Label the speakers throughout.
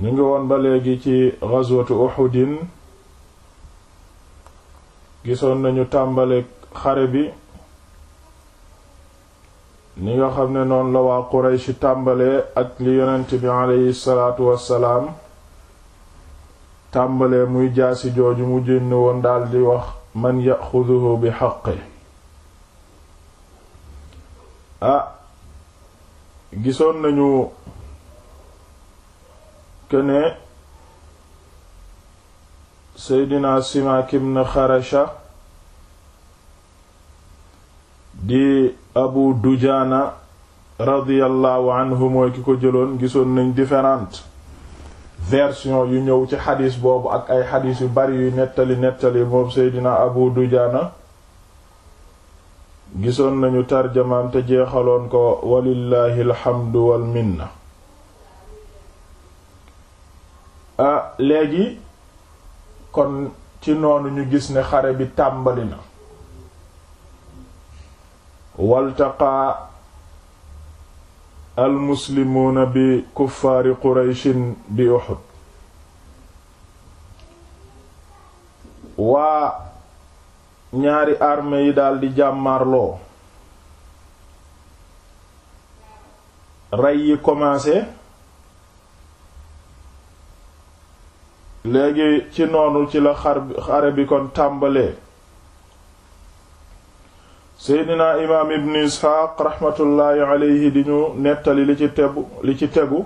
Speaker 1: ñu ngi woon ba léegi ci ghazwatu Uhudin gisoon nañu tàmbale xare bi ni nga xam ne noon la waa Quraysh tàmbalee ak li yonent bi aleyhi salaatu wassalaam tàmbalee muy jaasi jooju mu génn woon daldi wax man yaxuduhu bi xaqi ah gisoon nañu këne seydina Simaak ibn Xarasha di Abu Dujaana radiyallahu anhu mooy ki ko jëloon gisoon nañ différentes versions yu ñëw ci xadis boobu ak ay xadis yu bari yu nettali nettali moom seydina Abu Dujaana gisoon nañu tarjamaam te jeexaloon ko walillahi alhamdu wal Ah, léegi kon ci noonu ñu gis ne xare bi tàmbali na waltaqaa almuslimuuna bi kuffaari qurayshin bi Uhud waa ñaari armée yi daldi jàmmarloo rey yi commencé léegi ci noonu ci la xare bi kon tàmbalee seydina imaam ibn isxaaq raxmatullaahi aleyhi di ñu nettali li ci tegu li ci tegu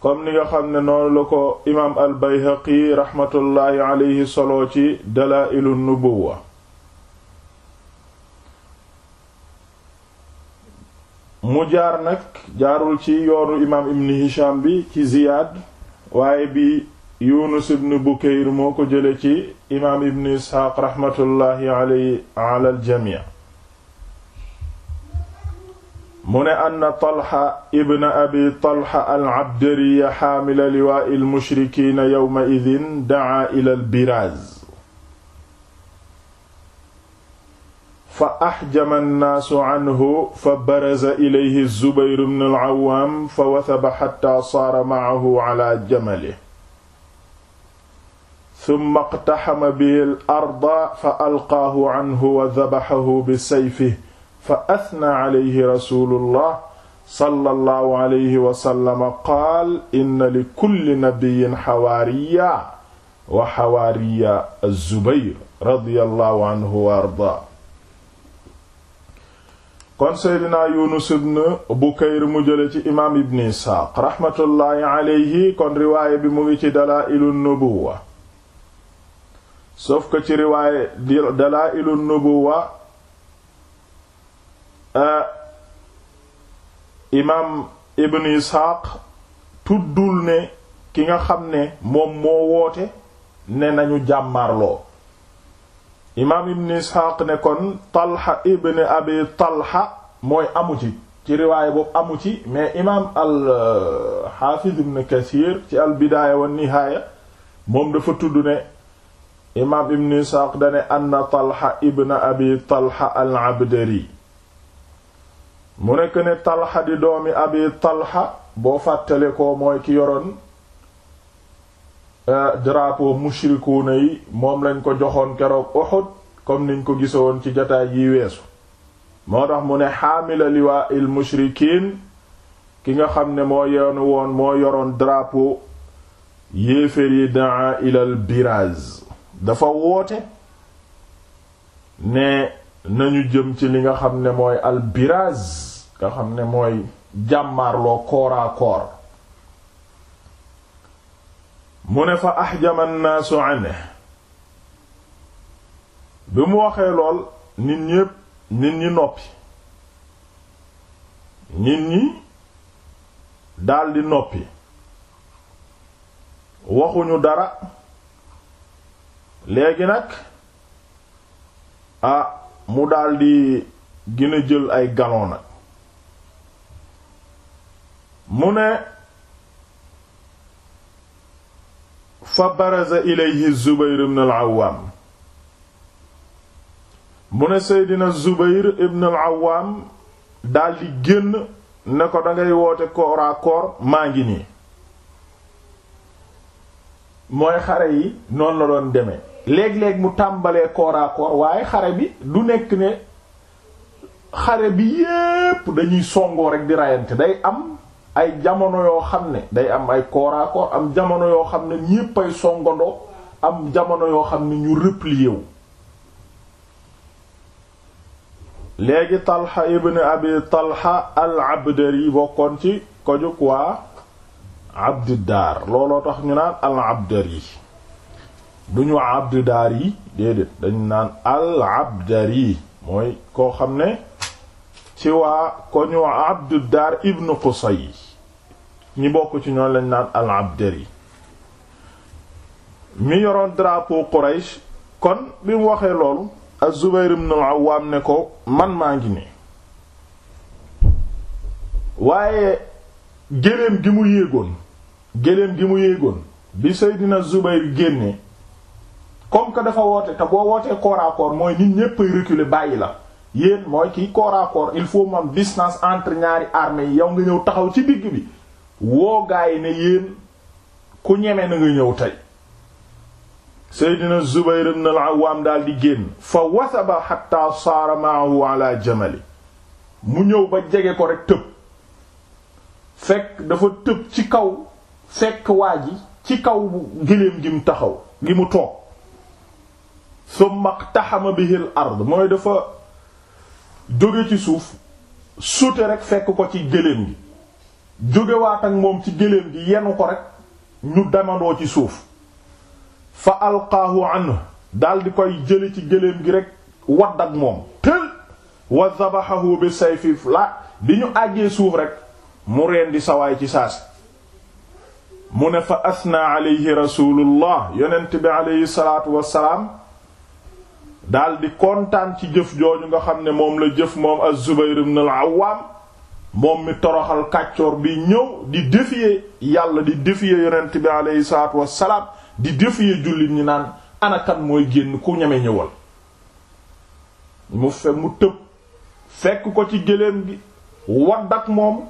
Speaker 1: comme ni nga xam ne noonu la ko imaam al bayhaqi raxmatullaahi aleyhi solo ci dalaa'ilu nubuwa mu jaar nag jaarul ci yoonu imaam ibn hisham bi ci ziyaad waaye bi Yunus ibn Bukayr moo ko jële ci imaam ibn Isxaaq raxmatullaahi alayhi ala aljamii mu ne anna Talha ibn abi Talha al-Abdari xaamila liwaa al-mushrikiina yawma idin da'aa ila al-biraaz fa axjama annaasu anhu fa baraza ilayhi zubair bn alawam fa wasaba xatta saara maahu ala jamale summa qtaxama bihi al arda fa alqaahu anhu wa dabaxahu bisayfi fa asna alayhi rasulullah sallallahu alayhi wasallam qaal inna likulli nabiyin xawaariya wa xawaariya alzubair radiyallahu anhu wa arda kon seydina yunus ibn bukayr mu jële ci imaam ibn isxaaq raxmatullaahi aleyhi kon riwaaye bi mu ngi ci dalaa'ilu nubuwa sauf que ci riwaaye dalaa'ilu wa eh, imaam ibn isxaaq tuddul ne ki nga xam ne moom moo woote ne nañu jàmmarloo imaam ibn isxaaq ne kon talxa ibn abi talxa mooy amu ci ci riwaay boobu amu ci mais imaam al xaafiz ibn kasiir ci al bidaaya wa nihaaya moom dafa tudd ne imaam ibn isxaaq dane anna talxa ibn abi talxa al abdari mu nekk ne talxa di doomi abi talxa boo fàttale ko mooy ki yoroon Euh, drapeau mushrikuuna yi moom lañ ko joxoon keroog Uhud comme niñ ko gisoon ci jataay yi weesu moo tax mu ne xaamila liwaa il mushrikiin ki nga xam ne moo yoonu woon moo yoroon drapeau yéeféer yi daa ilal biraz dafa woote ne nañu jëm ci li nga xam ne mooy al biraz nga xam ne mooy jàmmaarloo koora mu ne fa ahjama nnaasu anhu bi mu waxee lool nit ñépp nit ñi noppi nit ñi daldi noppi waxuñu dara léegi nag ah mu daldi gën a jël ay galon nag mu ne fa baraza ilayhi zubayr ibn al mu ne seydina zubayr ibn al-awwaam daldi génn ne ko dangay woote kooraa maa ngi nii mooy xare yi noonu la doon deme léeg-léeg mu tàmbalee kooraa koor waaye xare bi du nekk ne xare bi yépp dañuy songoo rek di rayante day am ay jamono yoo xam ne day am ay kooraakoor am jamono yoo xam ne ñépp ay songandoo am jamono yoo xam ne ñu replié wu léegi Talha ibn Abi Talha al-Abdari bokkoon ci ko jug waa Abduddaar looloo tax ñu naan al-Abdari duñu Abduddaar yi déedéet dañu naan al-Abdari mooy koo xam ne ci waa ko ñu Abduddaar ibn Qusay ñi bokk ci ñoom lañ naan al abdari mi yoroon drapeau Quraysh kon bi mu waxee loolu az-Zubayr ibn al-Awwam ne ko man maa ngi ne waaye géléem gi mu yéegoon géléem gi mu yéegoon bi Seydina Zubayr génne comme que dafa woote te boo wootee corps mooy nit ñépp ay reculer bàyyi la yéen mooy kii corps il faut mu am distance entre ñaari armée yi yow nga ñëw taxaw ci digg bi woo gaay ne yéen ku ñeme na nga ñëw tey seydina zubayr ibn al-awwaam daal di génn fa wasaba xatta saara maahu ala jamali mu ñëw ba jege ko rek tëb fekk dafa tëb ci kaw fekk waa ji ci kaw géléem gi mu taxaw gi mu toog summa qtaxama bihi al-ard mooy dafa jóge ci suuf suute rek fekk ko ci géléem gi jógewaat ak moom ci géléem gi yenu ko rek ñu demandoo ci suuf fa alqaahu anhu daldi koy jële ci géléem gi rekk wadd ak moom tël wa zabaxahu bi sayfi la bi ñu àggee suuf rekk mu reen sawaay ci saasi mu ne fa asna alayhi rasulullah yonent bi alayhi salaatu wassalaam daldi kontaan ci jëf jooju nga xam ne moom la jëf moom az-Zubayr ibn al moom mi toroxal kàccoor bi ñëw di défier yàlla di défier yonent bi aleyhi salaatu wassalaam di défier jullit ñi naan anakan mooy génn ku ñeme ñëwal mu fe mu tëb fekk ko ci géléem gi wadd ak moom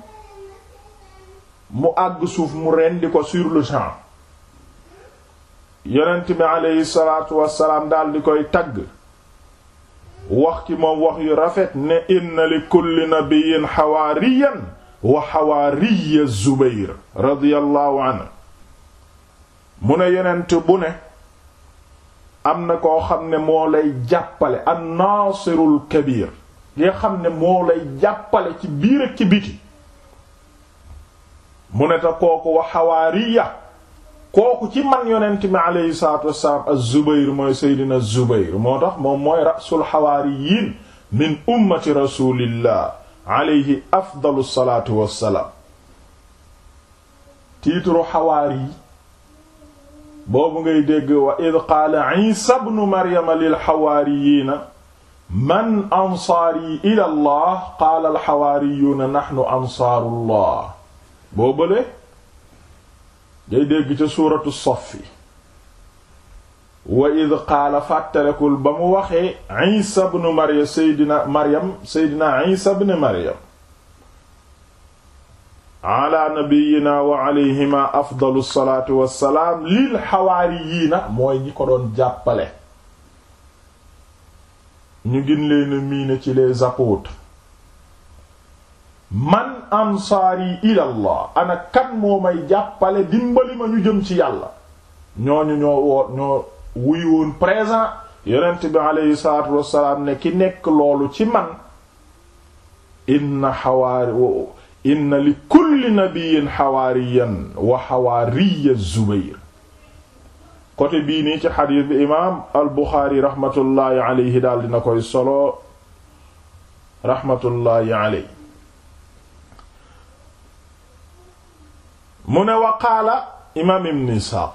Speaker 1: mu àgg suuf mu rendi ko sur le champ yonent bi aleyhi salaatu wassalaam dal di koy tagg wax ci moom wax yu rafet ne inna li kulli nabiyyin xawaariyan wa xawaariya zubayr radiyallahu anhu mu ne yenent bu ne am na koo xam ne moo lay jàppale an naasirul kabir nga xam ne moo lay jàppale ci biir ak ci biti mu ne te kooku wa xawaariya kooku ci man yonent mi aleyhi salatu wasalaam az-Zubayr mooy Seydina Zubayr moo tax moom mooy rasul xawaariyiin min ummati rasulillah aleyhi afdalu salatu wasalaam tiitru xawaari yi boobu ngay dégg wa id qaala Isa ibnu Maryama lil xawaariyiina man ansaarii ila allah qaala al xawaariyuuna naxnu ansaarullah boobale day dégg ca suuratu Saff wa id qaala fàttarekul ba mu waxee Isa ibn Maryam Seydina Maryam Seydina Isa ibn Maryam ala nabiyyina wa alayhima afdalu salaatu wassalaam lil xawaariyiina mooy ñi ko doon jàppale ñu gën leen a miine ci le apôtres man ansaari ilallah ana kan may jàppale dimbali ma ñu jëm ci yàlla ñooñu ñoo woo ñoo wuy woon présent yonent bi wassalaam ne ki nekk loolu ci man inna xawaari inna li kulli nabiyin xawaariyan wa xawaariya zubayr côté bii nii ci xadiis bi imaam al buxaari raxmatullaahi aleyhi daal dina koy solo raxmatullaahi aleyhi mu ne waqaala imaam ibn Isaaq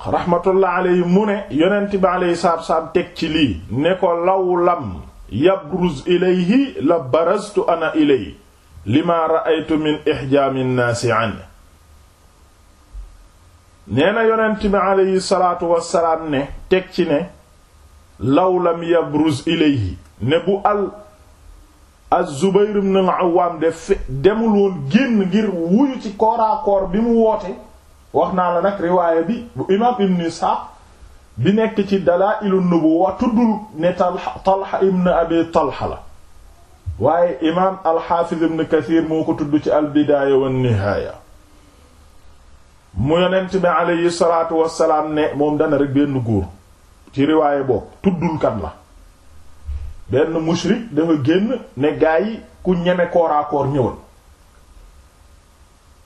Speaker 1: mu ne yonent bi alayhi salaatu salaam teg ci lii ne ko law lam yabruz ilayhi la baraztu ana ilayhi lima ra'aytu min ihjaami nnaasi an nee na yonent bi alayhi salaatu wassalaam ne teg ci ne law lam ilayhi ne bu al az-Zubayr ibn al-Awwam def demul woon génn ngir wuyu ci kooraakoor bi mu woote wax naa la nag riwaaya bi bu imaam ibn Isxaaq bi nekk ci Dalaa'ilu Nubuwwa tuddul ne Talha Talha ibn Abi Talha la waaye imaam al-Haafiz ibn Kasiir moo ko tudd ci al-Bidaaya wan-Nihaaya mu yonent bi aleyhi ne moom dana rek benn góor ci riwaaya boobu tuddul kan la benn mushrik dafa génn ne gaa yi ku ñeme kooraakoor ñëwal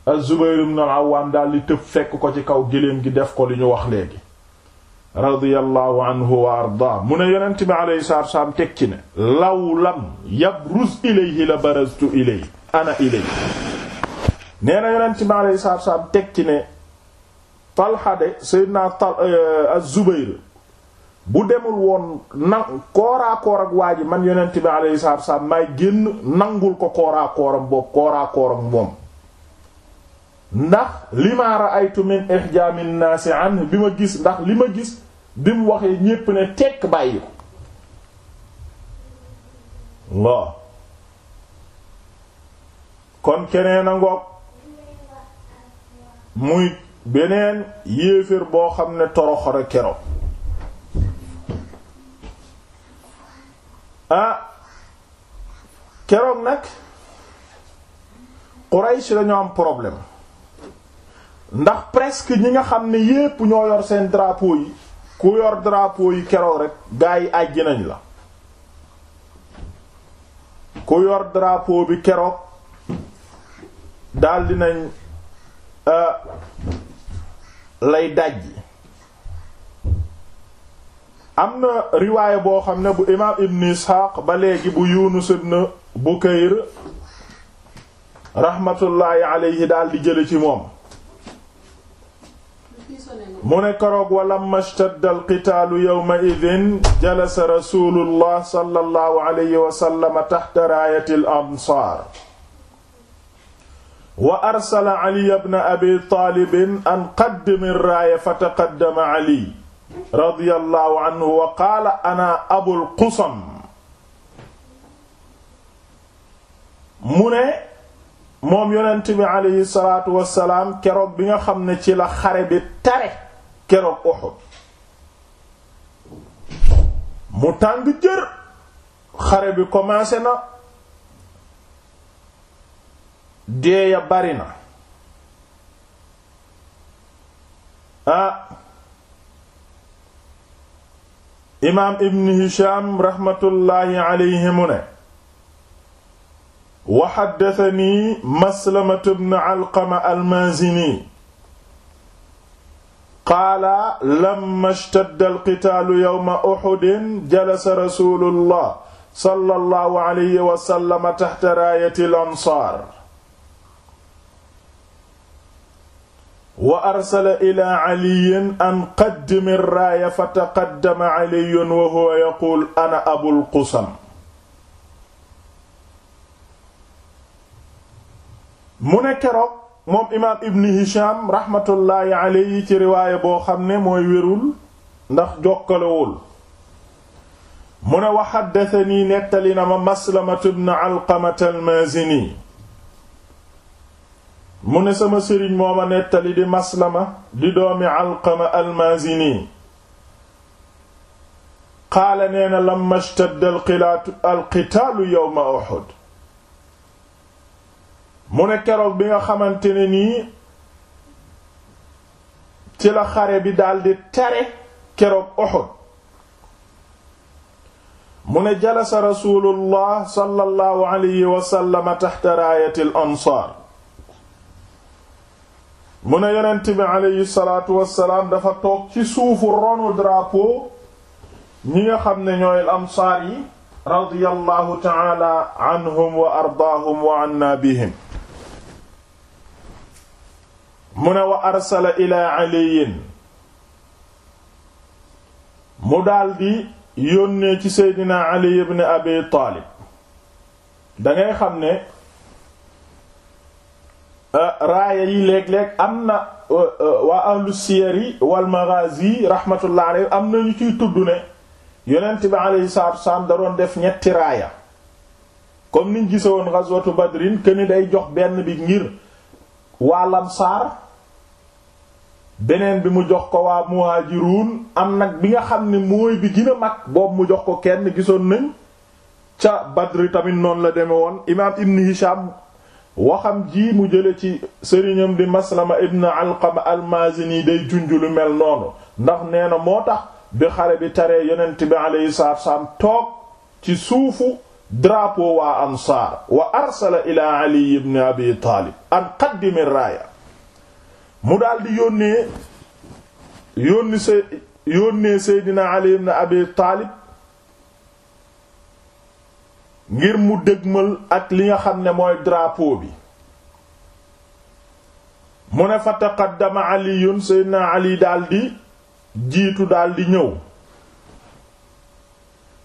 Speaker 1: az-Zubayr ibn al daal di tëb fekk ko ci kaw géléem gi def ko li ñu wax léegi radiyallahu anhu wa ardaa mu ne yonent bi alayhi salaatu wassalaam teg ci ne law lam yabruz ilayhi la baraztu ilayhi ana ilayhi nee na yonent bi alayhi salaatu wassalaam teg ci ne Talha de Seydina Tal euh, az bu demul woon na kooraakoor ak waa ji man yonent bi alayhi salaatu wasallam may génn nangul ko kooraakooram boobu kooraakoor moom ndax li ma ra'aytu min naasi an bi ma gis ndax li ma gis bi mu waxee ñépp ne tekk bàyyi ko waaw kon keneen a ngoog muy beneen yéeféer boo xam ne toroxore kero ah keroog nag Quraysh dañoo am problème ndax presque ñi nga xam ni yépp ñoo yor seen drapeau yi ku yor drapeau yi keroog rek gaa yi àjji nañ la ku yor drapeau bi keroog daldi nañ euh, lay dajji am na riwaaya boo xam ne bu imaam ibn isxaaq ba léegi bu yunus ibn bukayr rahmatullaahi alayhi daal di jële ci moom mu ne keroog walamma ishtadda alqitaalu yawma idin jalasa rasuulullah sallallahu alayhi wa sallam taxta raayati al ansaar wa arsala ali ibn abi taalib an qaddim ar raaya fa taqaddama ali radiyallahu anhu wa qaala ana abul qusam mu ne moom yonent bi aleyhi salaatu wassalaam keroog bi nga xam ne ci la xare bi tare keroog Uhud mu tàng jër xare bi commencé na deeya bari na ah, imaam ibn hisham raxmatullaahi aleyhi mu ne wa xaddatani maslamatu bn alqama almaazini qaala lamma ishtadda alqitaalu yawma uxudin jalasa rasuulullah sallallahu alayhi wa sallam taxta raayati al ansaar wa arsala ila caliyin an qaddimi raaya fa taqaddama caliyun wa huwa yaquul ana abul qusam mu ne moom imaam ibn hisham raxmatullaahi aleyhi ci riwaaya boo xam ne mooy wérul ndax jokkalewul mu ne wa xaddasanii nettali na ma maslamatu bn alqamata almaazini mu ne sama sëriñ moo ma nettali di maslama di doomi alqama almaazini qaala nee na lamma ishtadda alqitaalu yawma uhud mu keroog bi nga xamante nii ci xare bi daldi tere keroog uhud mu ne jalasa rasuulullah sallallahu alayhi wa taxta raayati al mu ne yonent bi aleyhi salaatu dafa toog ci suufu ronu drapeau ñi nga xam ne ñooy ansaar yi radiyallahu taala anhum wa ardaahum wa anna bihim mu ne wa arsala ila aliyin mu daldi yónnee ci seydina ali ibn abi taalib dangay xam ne Euh, raaya yi léeg-léeg am na euh, euh, waa ahlu siyari wal maghazi rahmatullah alayhi am na ñu ciy tudd ne yonent bi alayhi salaatu wasalaam da doon def ñetti raaya comme niñ gise woon ghazwatu badrin këni day jox benn bi ngir waa lamsaar beneen bi mu jox ko waa muhaajiruun am nag bi nga xam ne mooy bi gën mag boobu mu jox ko kenn gisoon nañ ca badri tamit noonu la deme woon imaam ibn hisham waxam jii mu jële ci sëriñam di maslama ibn alqama almazini day junjulu mel noonu ndax nee na moo tax bi xare bi taree yonent bi alayhi salaatu toog ci suufu drapeau waa ansaar wa arsala ila ali ibn abi taalib an qaddimi raaya mu daldi yónnee yónni se ibn abi taalib ngir mu dëgmal ak li nga xam ne mooy drapeau bi mu ne fa taqaddama aliyun seydna ali daldi jiitu daldi ñëw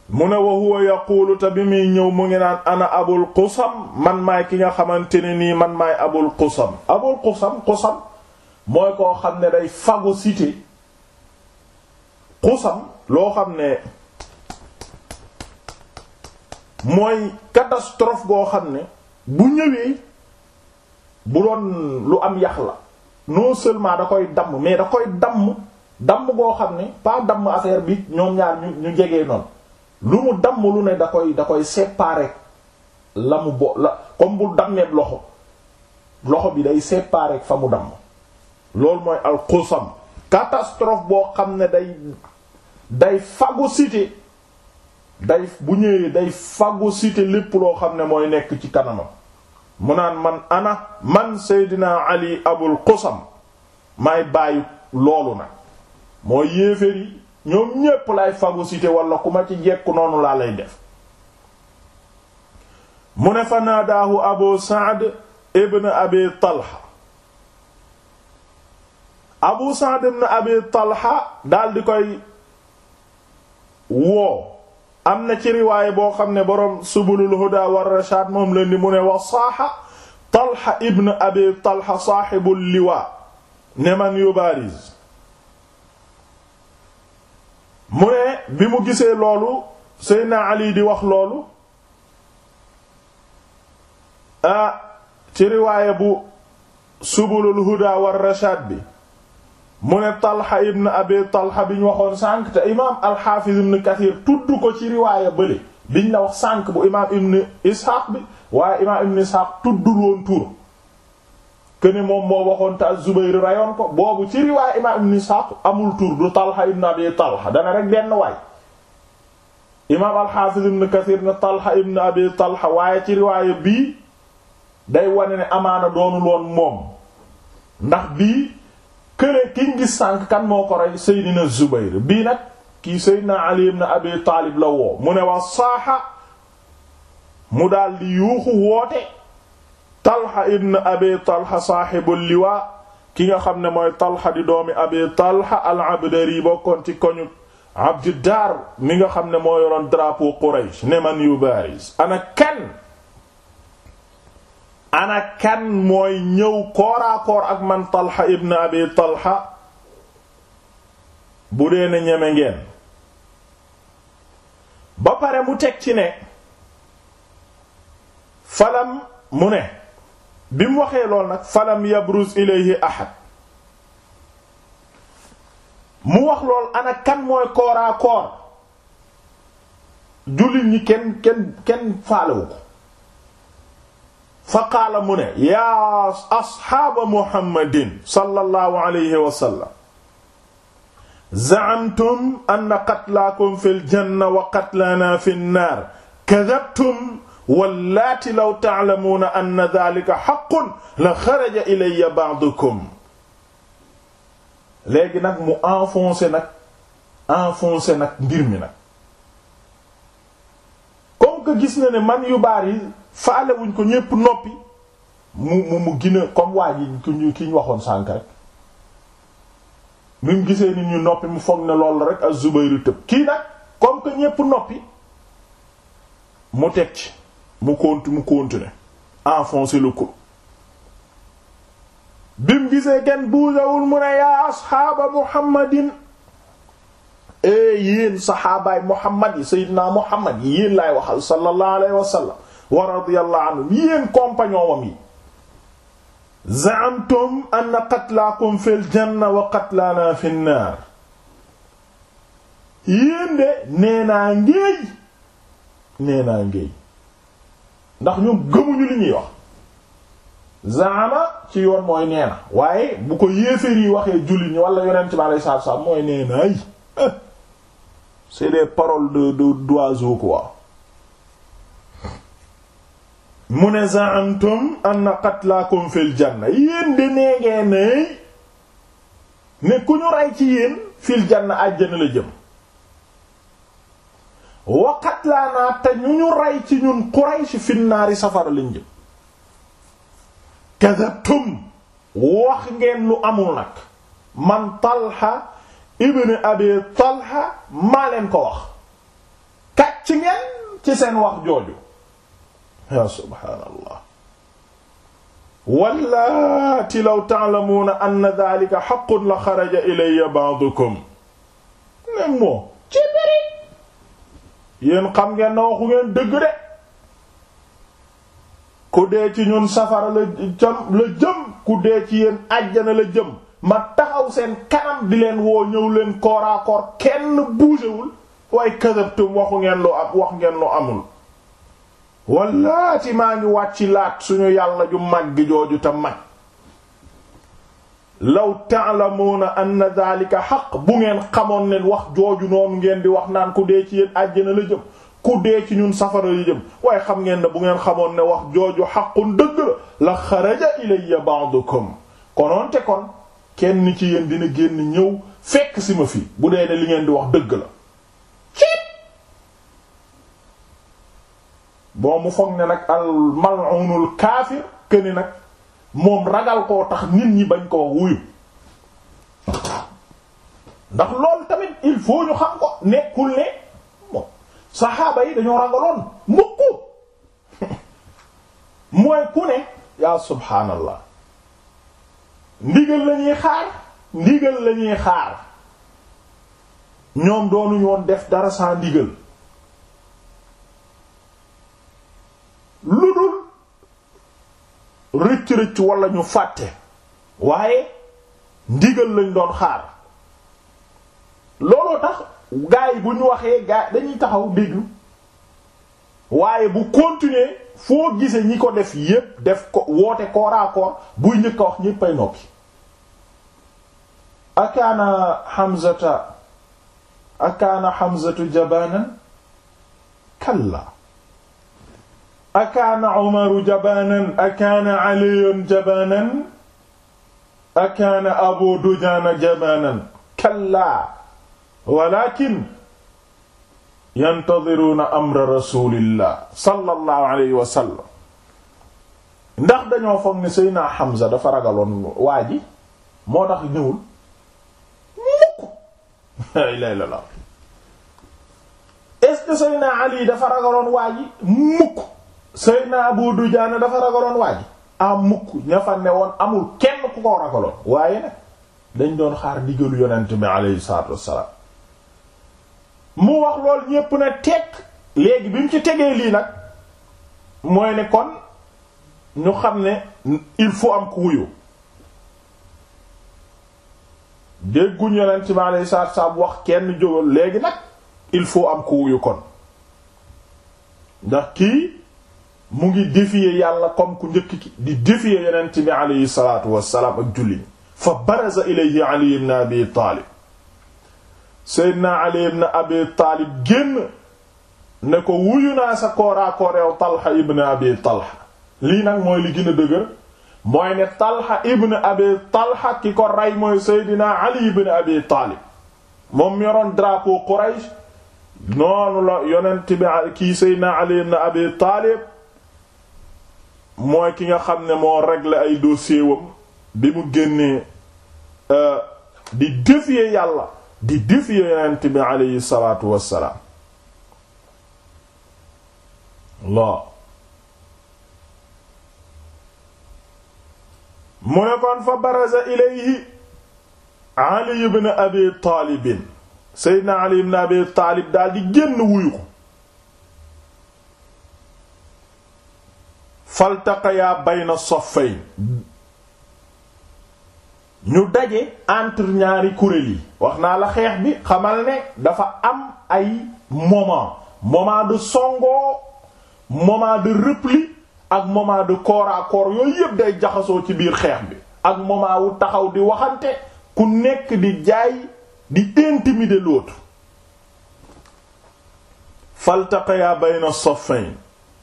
Speaker 1: mu ne wa huwa yaquulu bi muy ñëw mu ngi naan ana abul qusam man maay ki nga xamante ne nii man maay abul qusam abul qusam qusam mooy koo xam ne day phagocyté qusam loo xam ne mooy catastrophe goo xam ne bu ñëwee bu doon lu am yax la non seulement da koy damm mais da koy damm damm boo xam ne pas damm affaire bi ñoom ñaar ñu ñu jegee noonu lu mu damm lu ne da koy da koy séparer la mu bo la comme bu dammeeb loxo loxo bi day séparer fa mu damm loolu mooy alxosam catastrophe boo xam ne day day phagocyté day bu ñëwee day fagu phagocyté lépp loo xam ne mooy nekk ci kanamam mu naan man ana man Seydina Ali Abul Qusam may bàyyi loolu nag mooy yéeféer yi ñoom ñépp lay phagocyté wala ku ma ci jekku noonu laa lay def mu ne fa naadaahu Abu Sa'd ibn Abi Talha Abu Sa'd ibn Abi Talha dal koy woo am na ci riwaay boo xam ne boroom subulul huda war rashad moom la ni mu ne wax saaxa talxa ibn abi talxa saaxibul liwaa ne man yubaaris mu ne bi mu gisee loolu na ali di wax loolu ah ci riwaaya bu subulul huda war rashad bi mu ne Talha ibn Abi Talha bi ñu waxoon sànq te imaam al-Hafiz ibn Kathir tudd ko ci riwaaya bële biñ la wax sànq bu imaam ibn Ishaq bi waaye imaam ibn Ishaq tuddul woon tur këne moom moo waxoon te az-Zubayr rayoon ko boobu ci riwaaya imaam ibn Ishaq amul tur du Talha ibn Abi Talha dana rek benn waay imaam al ibn Kathir ne Talha ibn Abi Talha waaye ci riwaaya bii day wane ne amaana doonul woon moom ndax bii këre ki ñu gis kan moo ko rey Seydina Zubayr bii nag kii Seydina Ali ibn Abi Taalib la woo mu ne waa saaxa mu daal di yuuxu woote Talha ibn Abi Talha saaxibul liwaa ki nga xam ne mooy Talha di doomi Abi Talha al-Abdari bokkoon ci koñu Abdi Dar mi nga xam ne moo yoroon drapeau Quraysh ne man yubaris ana kan ana kan mooy ñëw kooraakoor ak man talxa ibn abi talxa bu dee ne ñeme ngeen ba pare mu teg ci ne falam mu ne bi mu waxee lool nag falam yabruz ilayhi ahad mu wax lool ana kan mooy kooraakoor jullit ñi kenn kenn kenn faalewu ko fa qaala mu ne yaa asxaaba muhammadin sallallahu alayhi wa sallam zaamtum anna qatlaakum fil janna wa qatlaanaa fin naar kadabtum wallaati law ta'lamuuna anna dhaalika haqqun la xaraja ilayya ba'dukum léegi nag mu enfoncé nag enfoncé nag mbir mi nag comme que gis na ne man yu bari faale wuñ ko ñépp noppi mu mu mu gina comme waa ji ki ñu waxoon sànk rek mu gisee nit ñu noppi mu foog na loolu rek az-Zubayr tëb kii nag comme que ñépp noppi mu teg ci mu kontu mu continuer enfoncer le coup bi mu gisee kenn buusawul mu ne yaa asxaaba muhammadin ee eh yéen saxaabaay muhammad yi naa muhammad yéen laay waxal sallallahu alayhi wa sallam wa radiyallahu anhu yéen compagnon wam yi za'amtum anna qatlaakum fil janna wa qatlaana fin naar yéen de nee naa ngéej nee ndax ñoom gëmuñu li ñuy wax zaama ci yoon mooy nee waaye bu ko yéeféer yi waxee julli ñi wala yonent bi alayhi salaatu wa salaam mooy nee na ay eh, c'est des de de d'oiseau quoi mu ne za'amtum anna qatlaakum fil janna yéen de nee ngeen ne ne ku ñu rey ci yéen fil janna àjjana la jëm wa qatlaanaa te ñu ñu rey ci ñun Quraysh fin naari safara lañ jëm kadabtum wax ngeen lu amul nag man Talha ibn Abi Talha maa leen ko wax kàcc ngeen ci seen wax jooju yaa subhaanallah wallaati law ta'lamuuna anna daalika haqqun la xaraja ilayya ba'dukum nem moo ci bëri yéen xam ngeen na waxu ngeen dëgg de ku dee ci ñun safara la jëm ku dee ci yéen àjjana la jëm ma taxaw seen kanam di leen woo ñëw leen kooraakoor kenn buusewul waaye kadabtum waxu ngeen lu am wax ngeen lu amul wallaati maa ngi wàcci laat suñu yàlla ju màgg jooju te mag law ta'lamuna anna dhalika xaq bu ngeen xamoon ne wax jooju noonu ngeen di wax naan ku dee ci yéen àjjana la jëm ku dee ci ñun safara la jëm waaye xam ngeen ne bu ngeen xamoon ne wax jooju xaqun dëgg la la xaraja ilayya ba'dukum konoon te kon kenn ci yéen dina génn ñëw fekk si ma fi bu dee ne li ngeen di wax dëgg la bon mu foog ne nag al mal'unul kaafir këni nag moom ragal koo tax nit ñi bañ koo wuyu ndax lool tamit il faut ñu xam ko nekkul ne moom saxaaba yi dañoo ragaloon mukk mooy ku ne yaa subhaanallah ndigal la ñuy xaar ndigal la xaar ñoom doonuñu woon def dara sans ndigal rëcc-rëcc wala ñu fàtte waaye ndigal lañ doon xaar looloo tax gaa yi bu ñu waxee gaa dañuy taxaw déglu waaye bu continuer foo gise ñi ko def yépp def ko woote kooraakoor buy ñëkk a wax ñéppay noppi akaana Hamzata akaana Hamzatu jabanan kalla akaana umaru jabaanan akaana aliyun jabaanan akaana abu dujaana jabaanan kallaa walaakin yantadiruuna amra rasulillah sallallahu alayhi wa sallam ndax dañoo foog ne Seydina Hamza dafa ragaloon waa ji moo tax ñëwul mukk lay la la est-ce que Seydina Ali dafa ragaloon waa ji mukk naa Seydina du Dujaana dafa ragaloon waaj am ah, mukk ña fa ne woon amul kenn ku ko ragaloon waaye nag dañ doon xaar digalu yonent bi aleyhi salaatu wassalaam mu wax lool ñépp na teg léegi bi mu ci tegee lii nag mooy ne kon ñu xam ne il faut am ku wuyu dégguñ yonent bi aleyhi salaatu wassalaam wax kenn jógal léegi nag il faut am ku kon ndax kii mu ngi défier yàlla comme ku njëkk ki di défier yonent bi aleyhi salaatu wassalaam ak julli fa baraza ilayhi ali ibn abi taalib seydna ali ibn abi taalib génn ne ko wuyu naa sa kooraakoor yow talxa ibn abi talxa lii nag mooy li gën a dëgër mooy ne talxa ibn abi talxa ki ko rey mooy seydna ali ibn abi taalib moom yoroon drapeau Quraysh noonu la yonent bi kii seydna ali ibn abi taalib mooy ki nga xam ne moo régler ay dossier wam bi mu génnee euh, di défier yàlla di défier yonent bi aleyhi salaatu wassalaam laa mu ne kon fa baraza ilayhi ali ibn abi taalibin seydina ali ibn abi taalib daal di génn wuyu ko faltaqayaa bayna saffayn ñu daje entre ñaari kuréel yi wax naa la xeex bi xamal ne dafa am ay moment moment du songo moment de repli ak moment de corps à yooyu yëpp day jaxasoo ci biir xeex bi ak moment wu taxaw di waxante ku nekk di jaay di intimider l'autre faltaqayaa bayna saffayn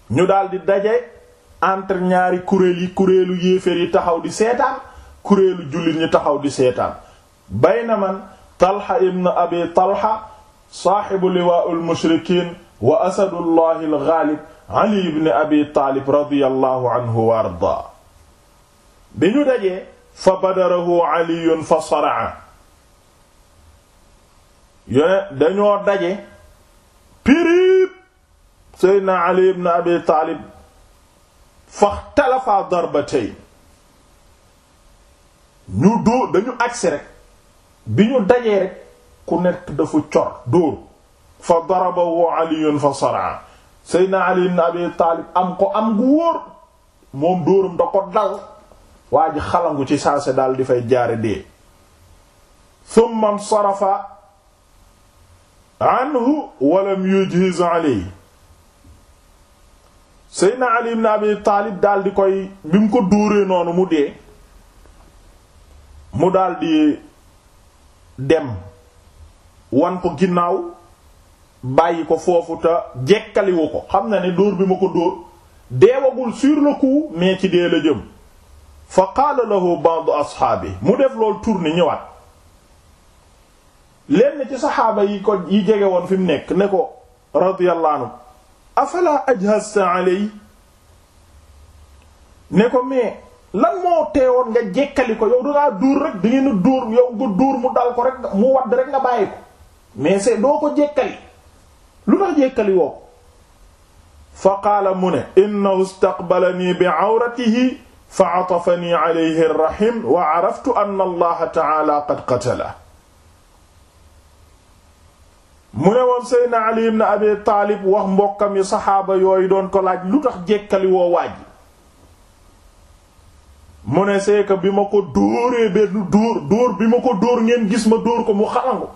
Speaker 1: ñu daal di daje entre ñaari kuréel yi kuréelu yéeféer yi taxaw di seetaan kuréelu jullit ñi taxaw di seetaan bayna man talxa ibn abi talxa saaxibu liwaa'ul mushrikiin wa asadullahi alxaalib ali ibn abi taalib radiyallahu anhu wa ardaa bi ñu fa badarahu aliyun fa saraa yone dañoo daje piriib seydna ali ibn abi taalib faxtalafa darbatay ñu dóor dañu agsi rek bi ñu dajee rek ku nekk dafa cor dóor fa darabahu aliyun fa saraa seydna ali ibn abi taalib am ko am gu wóor moom dóoram da ko dal waa ji xalangu ci saase daal di fay jaare dee thumma nsarafa anhu walam yujhiz alayhi Seydina Ali ibn Abi Taalib daal koy bi mu ko dóoree noonu mu dee mu daldi dem wan ko ginnaaw bàyyi ko foofu te jekkaliwu ko xam na ni dóor bi ma ko dóor deewagul sur le coup mais ci dee la jëm fa qaala lahu ba'du ashaabi mu def loolu tourne ñëwaat lenn ci saxaaba yi ko yi jege woon fi mu nekk ne ko radiyallahu anhu afala ajhasta alay ne ko mais lan moo teewoon nga jekkali ko yow dangaa dóor rek da ngeen a dóor yow nga dóor mu dal ko rek mu wadd rek nga bàyyi ko mais c'est doo ko jekkali lu tax jekkali woo fa qaala mu ne innahu istaqbalanii bi awratihi fa atafanii alayhi arrahim wa araftu anna allaha ta'ala qad mu ne woon Seydina Ali ibn Abi wax mbokkam yi saxaaba yooyu doon ko laaj lu tax jekkali woo waaj mu ne c'est bi ma ko dóoree benn dóor dóor bi ma ko dóor ngeen gis ma dóor ko mu xalangu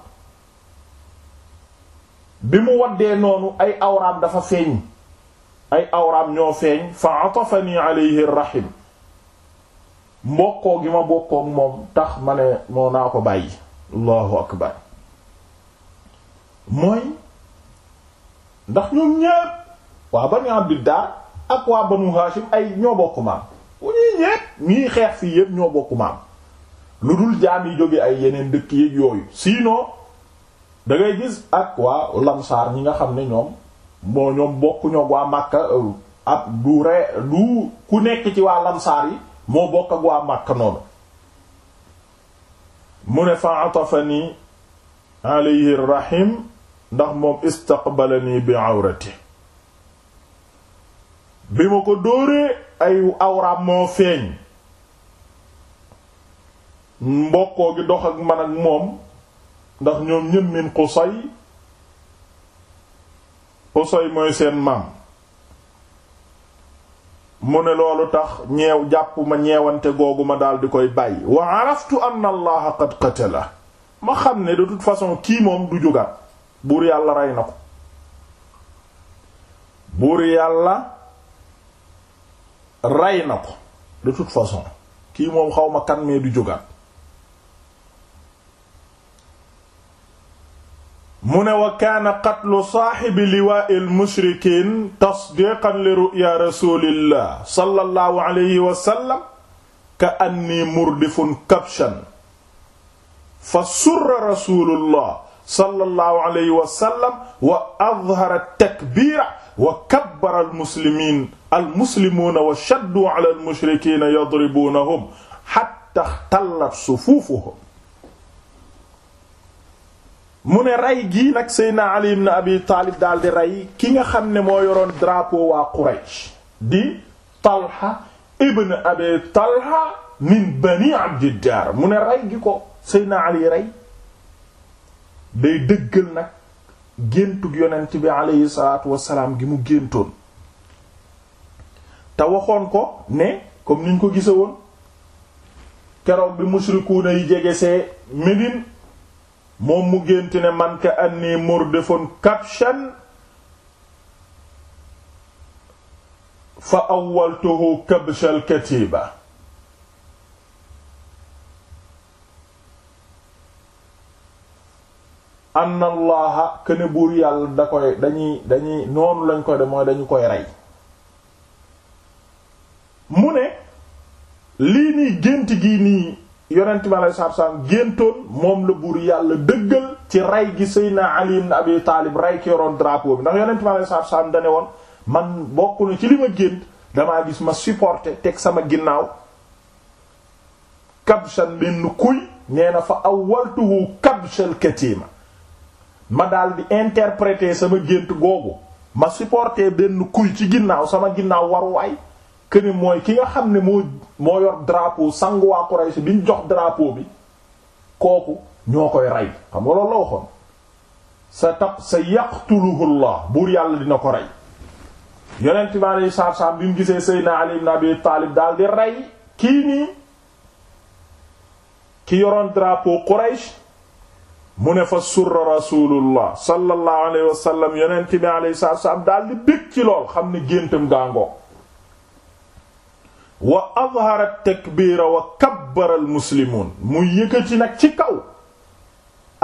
Speaker 1: bi mu waddee noonu ay awraam dafa feeñ ay awraam ñoo feeñ fa atafani alayhi mbokkoo gi ma bokkook moom tax ma ne moo naa ko bàyyi allahu akbar mooy ndax ñoom ñépp waa banu Abdul Daar ak waa banu Haashim ay ñoo bokk maam bu ñuy ñépp ñii xeex fii yépp ñoo bokk maam lu dul jaam yi jóge ay yeneen dëkk yéeg yooyu sinon da ngay gis ak waa lamsaar ñi nga xam ne ñoom moo ñoom bokk ñoog waa Makka euh, ab du re du ku nekk ci waa lamsaar yi moo bokk ak waa Makka noonu mu ne fa atafani alayhi rahim ndax moom istaqbalani bi awrati bi ma ko dóoree ay awraam moo feeñ mbokkoo gi dox ak man ak moom ndax ñoom ñëm min Qusay Qusay mooy seen maam mu ne loolu tax ñeew jàpp ma ñeewante googu ma daal di koy bàyyi wa araftu anna allaha qad qatala ma xam ne de toute façon kii moom du jógaat buur yàlla rey na ko buur yàlla rey na moom xaw ma kan mee du jógaat mu ne wa kaana qatlu saaxibi liwaa'il mushrikiin tasdiiqan li ru'ya rasuulillah sallallahu alayhi wa sallam ka anni murdifun kabshan fa surra sallallahu alayhi wa sallam wa adhara takbira wa kabbara almuslimiin almuslimuuna wa shaddu ala almushrikiina yadribuunahum hatta ihtallat sufuufuhum mu ne rey gii nag Seydina Ali ibn Abi Taalib daal di rey ki nga xam ne moo yoroon drapeau waa Quraysh di Talha ibn Abi Talha min Bani Abdiddaar mu ne rey gi ko Seydina Ali rey day dëggal nag géntug yonent bi aleyhi salaatu wasalaam gi mu géntoon te waxoon ko ne comme niñ ko gise woon keroog bi mushrikuuna yi jege see Médine moom mu gént ne man ka anni murdifun kabshan fa awwaltuhu kabshal katiba anna allaha këne buur yàlla da koy dañuy dañuy noonu lañ koy de mooy dañu koy rey mu ne lii nii gént gi nii yonent bi alei satu salaam géntoon moom la buur yàlla dëggal ci rey gi Seydina Ali ibn Abi Taalib rey ki yoroon drapeau bi ndax yonent bi alei satu salaam dane woon man bokk na ci li ma gént damaa gis ma supporté teg sama ginnaaw kabshan benn kuy nee na fa awwaltuhu kabshal katima ma daal di interpréter sama gént googu ma supporter benn kuy ci ginnaaw sama ginnaaw waruwaay këni mooy ki nga xam ne moo moo yor drapeau sanguwaa Quraysh bi ñu jox drapo bi kooku ñoo koy rey xam nga loolu la waxoon sa yàq sa yaqtuluhu Allah buur yàlla dina ko rey yonent bi alayhi salaatu salaam bi mu gisee Seydina Ali ibn Abi Taalib daal di rey kii nii ki yoroon drapeau Quraysh mu ne fa surra rasulullah sallallahu alayhi wa sallam yonent salaam daal di bég ci lool xam ne géntam gàngoo wa azhara takbiira wa kabbara almuslimuun mu yëkkati nag ci kaw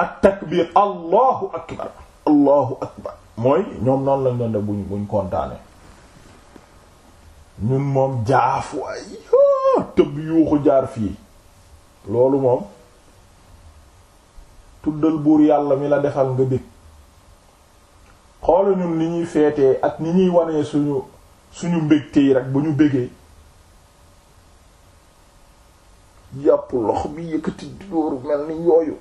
Speaker 1: ak takbiir allahu akbar allahu akbar mooy ñoom noonu lañ doon buñ buñ kontaane ñun moom jaaf waay tëb yuuxu jaar fii loolu moom tuddal buur yàlla mi la defal nga bég xoola ñun ni ñuy feetee ak ni ñuy wanee suñu suñu mbégte yi rek bu ñu béggee jàpp lox bi yëkkati dóor mel ni yooyu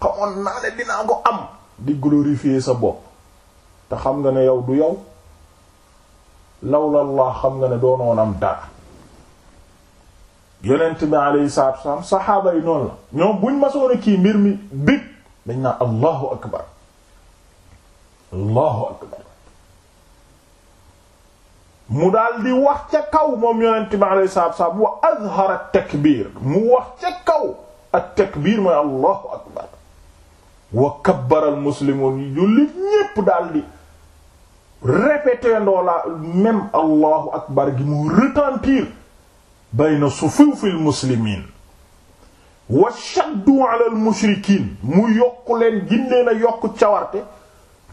Speaker 1: xamoon naa ne dinaa ko am di glorifier sa bopp te xam nga ne yow du yow lawlallah xam nga ne doonoon am dara yonent bi alayhi salaatu wasallam saxaaba yi noonu la ñoom buñ masoon a kii mbir mi big dañ naan allahu akbar allahu akbar mu daal di wax ca kaw moom yonent bi alayhi salaatu wasallam wa azhara at-takbiir mu wax ca kaw at-takbiir mooy allahu akbar wa kabbara al-muslimuun yi jullit ñépp daldi di répété ndoo allahu akbar gi mu retentir bayna sufufil muslimiin wa shaddu alal mushrikiin mu yokk leen gindee na yokk cawarte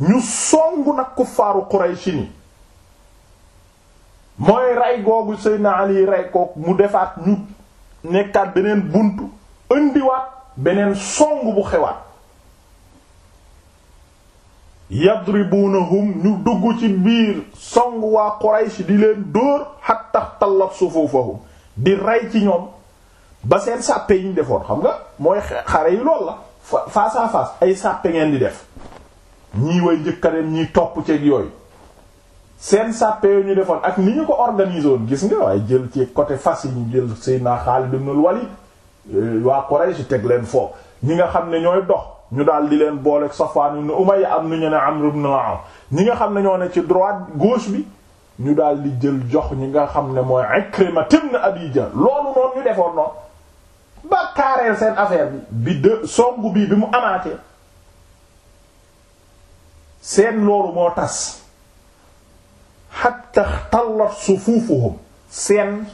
Speaker 1: ñu songu nag kuffaaru Quraysh ni mooy rey googu Seydina Ali rey ko mu defaat ñu nekkaat beneen buntu indiwaat beneen song bu xewaat yadribunahum ñu dugg ci biir song waa Quraysh di leen dóor hatta tallat sufufahum di rey ci ñoom ba seen sàppe yi ñu defoon xam nga mooy xare yi lool la fa à fas ay sàppe ngeen di def ñii way njëkk a dem ñii topp ceeg yooyu seen sàppe yooyu ñu defoon ak ni ñu ko organisé woon gis nga waaye jël ci côté fas yi ñu jël Seydina Xaalid ibn Walid euh, waa Quraysh teg leen foofu ñi nga xam ne ñooy dox ñu daal di leen booleeg Safwaan ibn Umayya am nu ñu ne am ibn al ñi nga xam ne ñoo ne ci droite gauche bi ñu daal di jël jox ñi nga xam ne mooy Ikrima ibn Abi Jahl loolu noonu ñu defoon noonu ba seen affaire bi bi dë songu bi bi mu amaatee seen loolu moo tas hatta ixtallat sufuufuhum seen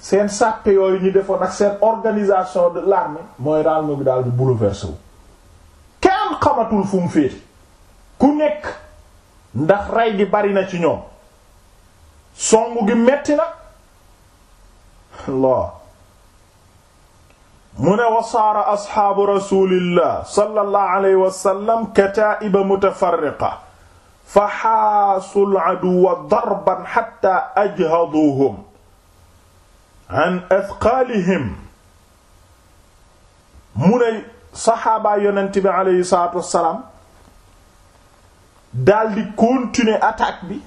Speaker 1: seen sàppe yooyu ñu defoon ak seen organisation de l'armée mooy daal ma bi daal di bouleversé kenn xamatul fu mu ku nekk ndax rey gi bari na ci ñoom songu gi metti na Allah mu ne wasaara asxaabu rasulillah sallallahu alayhi wa sallam kataa'iba mutafarriqa fa xaasul aduwwa darban xatta ajhaduhum an athqaalihim mu ne saxaabaa yonent bi alayhi salaatu wa salaam daldi continuer attaque bi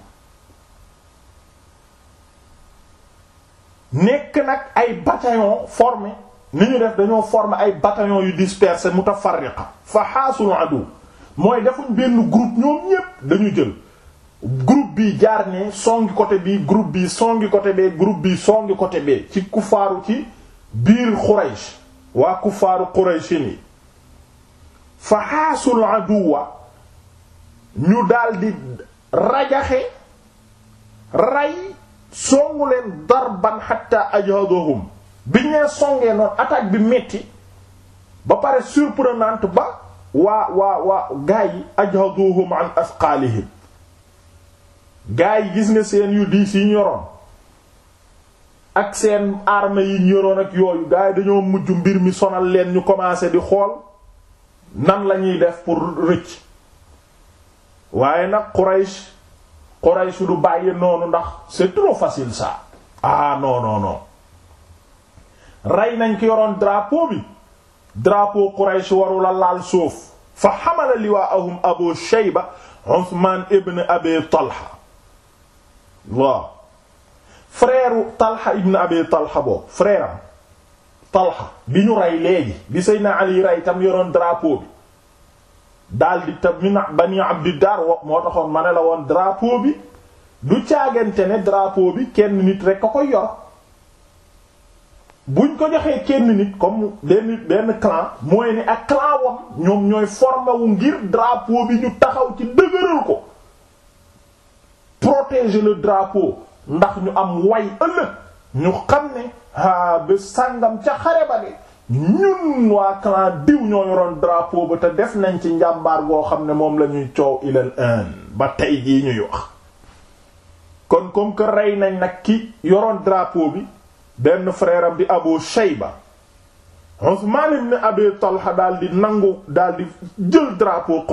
Speaker 1: nekk nag ay bataillon formé ni ñu def dañoo formé ay batayon yu dispersé mutafarriqa fa xaasul adu mooy defuñ benn groupe ñoom ñépp dañu jël groupe bi jaar ne songi côté bi groupe bi songi côté bee groupe bi songi côté bee ci kufaaru ci biir Quraysh waa kufaaru Quraysh ni fa xaasul aduwa ñu daldi rajaxe ray songu leen darban hatta ajhaduhum biñ nee songee noonu attaque bi metti ba pare surprenante ba waa waa waa gaa yi ajhaduhum an asqaalihim gaa yi gis nga seen yu diis yi ñoroon ak seen arme yi ñoroon ak yooyu gaa yi dañoo mujj mbir mi sonal leen ñu commencé di xool nan lañuy def pour rëcc waaye nag Quraysh Quraysh du bàyyi noonu ndax c'est trop facile ça ah non non non rey nañ ki yoroon drapeau bi drapeau Quraysh warula laal suuf fa xamala liwaa'ahum Abu Shayba Uthman ibn Abi Talha waaw frère Talha ibn Abi Talha boobu frère am Talha bi ñu rey léegi bi Seydina Ali rey tam yoroon drapeau bi daal di te min di abdidar wo moo taxoon ma ne la woon drapeau bi du caagante ne drapeau bi kenn nit rek a koy yor buñ ko joxee kenn nit comme benn benn clan mooy ne ak clan wam ñoom ñooy formé ngir drapeau bi ñu taxaw ci dëgëral ko protéger le drapeau ndax ñu am way ëllëg ñu xam ne a ah, ba sàngam ca xare ba de ñun waa clan diw ñoo yoroon drapeau ba te def nañ ci njàmbaar goo xam ne moom lañuy ñuy coow ilal an ba tey jii ñuy wax kon comme que rey nañ nag ki yoroon drapeau bi benn frère bi di Abu Shayba Usman ibn nangu daal di jël drapeau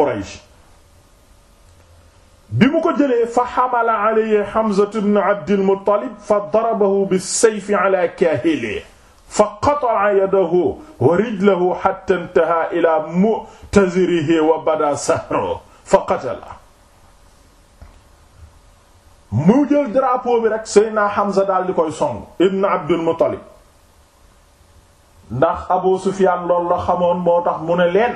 Speaker 1: bi mu ko jëlee fa xamala alayhi Hamza ibn Abdil Muttalib fa darabahu bis sayfi ala kaahilihi fa qata'a yadahu wa rijlahu hatta intaha ila mu'tazirihi wa bada fa qatala mu jël drapeau bi rek Seydina Hamza daal di koy song ibn Abdul Muttalib ndax Abu Sufyaan loolu la xamoon moo tax mu ne leen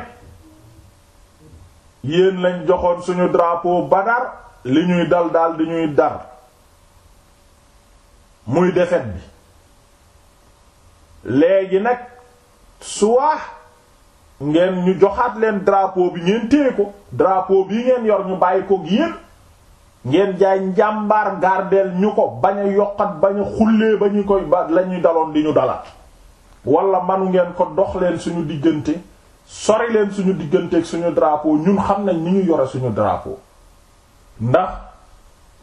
Speaker 1: yéen lañ joxoon suñu drapo Badar li ñuy dal daal di ñuy dar muy défaite bi léegi nag soit ngeen ñu joxaat leen drapeau bi ngeen téye ko drapeau bi ngeen yor ñu bàyyi ko yéen ngeen jaay njàmbaar gardeel ñu ko bañ a yokkat bañ a xullee ba ñu koy ba lañuy ñuy daloon di ñu dalaat wala manu ngeen ko dox leen suñu diggante sori leen suñu digganteeg suñu drapeau ñun xam nañ ni ñu yore suñu drapeau ndax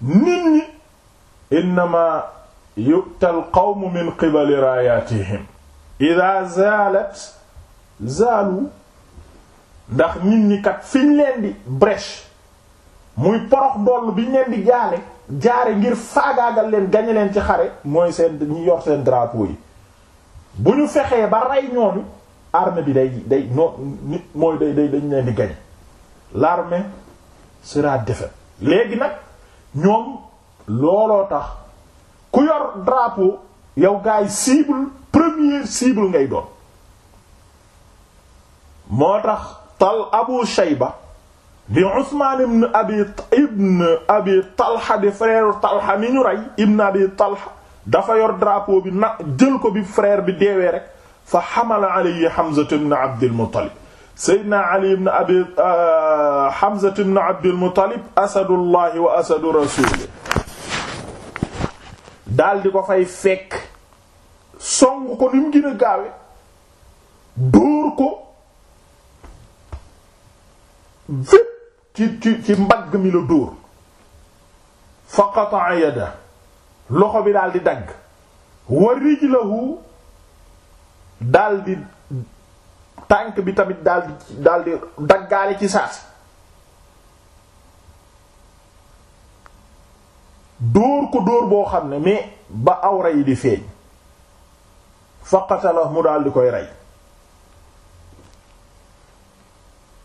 Speaker 1: nit ñi innama yu'tal qawmu min qibali raayatihim ida zaalat ndax nit ñi kat fiñ leen di brèche muy porox doll biñ leen di jaale jaare ngir faagaagal leen gañe leen ci xare mooy seen ñi yor seen drapeau yi bu ñu fexee ba rey ñooñu armée bi day day noo nit mooy day day dañ leen di gañe l'armée sera défaite léegi nag ñoom looloo tax ku yor drapeau yow gaay cible première cible ngay doon moo tax tal Abu Shayba di Usmaan ibn Abi ibn Abi Talha di frère Talha ni ñu rey ibn Abi Talha dafa yor drapeau bi na jël ko bi frère bi deewee rek fa xamala alayhi Hamza ibn Abdul Muttalib Seydina Ali ibn Abi euh, Hamza ibn Abdul Muttalib asadullahi wa asadu rasulihi daal di ko fay fekk song ko ni mu gën a dóor ko fépp ci ci ci mbagg mi la dóor fa qata'a yada loxo bi daal di dagg wa rijlahu daal di tànk bi tamit daal di daggaale ci saas dóor ko dóor boo xam ne mais ba awra yi di feeñ faqatala mu daal di koy rey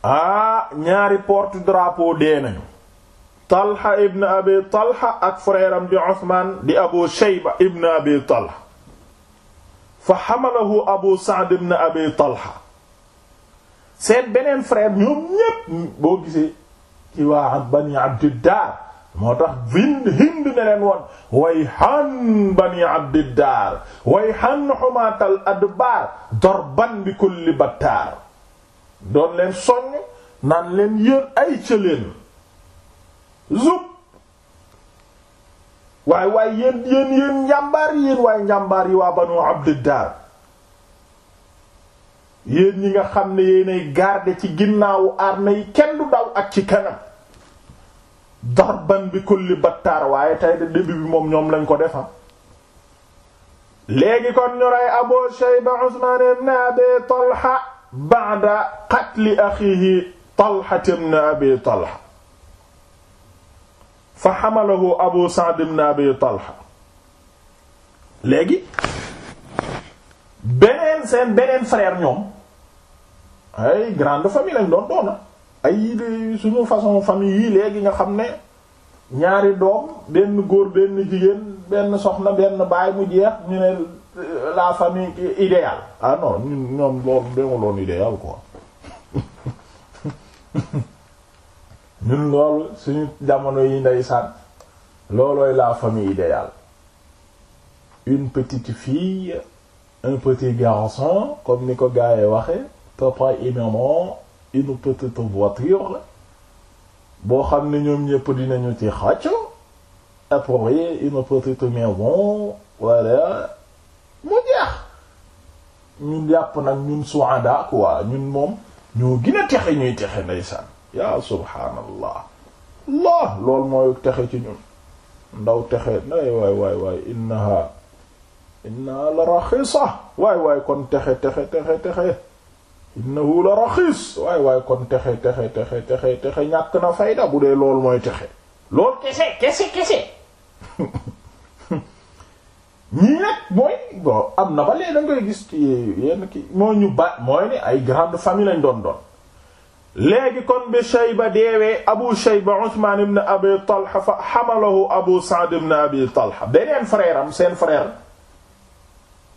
Speaker 1: aa ah, ñaari porte-drapeau dee nañu Talha ibn Abi Talha ak frère am di Usman di Abu Shayba ibn Abi Talha fa hamalahu Abu Sa'd ibn Abi Talha seen beneen frère ñoom ñépp boo gisee ci waa Bani Abdiddar moo tax hind hind ne woon way han bani abdiddaar way han xumaatal adbaar dorban bi kulli battaar doon leen soññ naan leen yéen ay cëleen zub waaye waaye yéen yéen njàmbaar yi yéen waaye njàmbaar yi waa banu abdiddaar yéen ñi nga xam ne yéenay garder ci ginnaawu armée yi kenn du daw ak ci kanam darban bi kulli battaar waaye tey de bi moom ñoom lañ ko defa ah. léegi kon ñu rey Abu Shayba Usman ibn Abi Talha ba'da qatli akhihi Talha ibn Abi Talha fa hamalahu Abu Sa'd ibn Abi Talha léegi beneen seen beneen frère ñoom ay grande famille lañ doona ah. ay suñu façon famille yii léegi nga xam ne ñaari doom benn góor benn jigéen benn soxna benn baay mu jeex ñu ne euh, la famille idéale ah ñun ñoom loolu demuloon idéal quoi ñun loolu suñu jamono yi ndeysaan loolooy la famille idéale une petite fille un petit garçon comme ni ko gars waxe papa et maman une petite voiture boo xam ne ñoom ñépp dinañu ci xàcc approyer une petite maison voilà mu jeex ñun yàpp nag ñun suada quoi ñun moom ñoo gën a texe ñuy texe ndeysaan ya subhaanallah Allah loolu mooy texe ci ñu ndaw texe nay waay waay waay innaha innaha la raxisa waay waay kon texe texe texe texe innahu la raxiis waay waay kon texe texe texe texe texe na fayda bu dee loolu mooy texe loolu kese kese kese ñii mooy bon na ba léegi da ngay gis ci ki moo ñu ba mooy ne ay grande famille lañ doon doon kon bi Shayba deewee Abu Shayba Usmaan ibn Abi Talha fa hamalahu Abu Sa'd ibn Abi Talha beneen frère am seen frère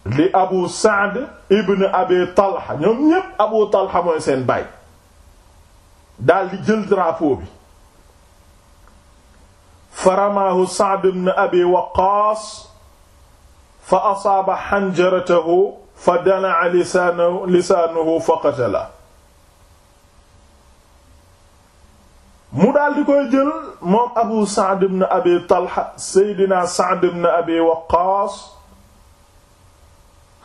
Speaker 1: li abu saad ibn abi talha ñoom ñépp abu talha mooy seen baay daal di jël drapeau bi fa ramaahu saad ibn abi waqaas fa asaaba xanjaratahu fa danaa lisaanahu mu daal di koy jël moom abu saad ibn abi talha seydina saad ibn abi waqaas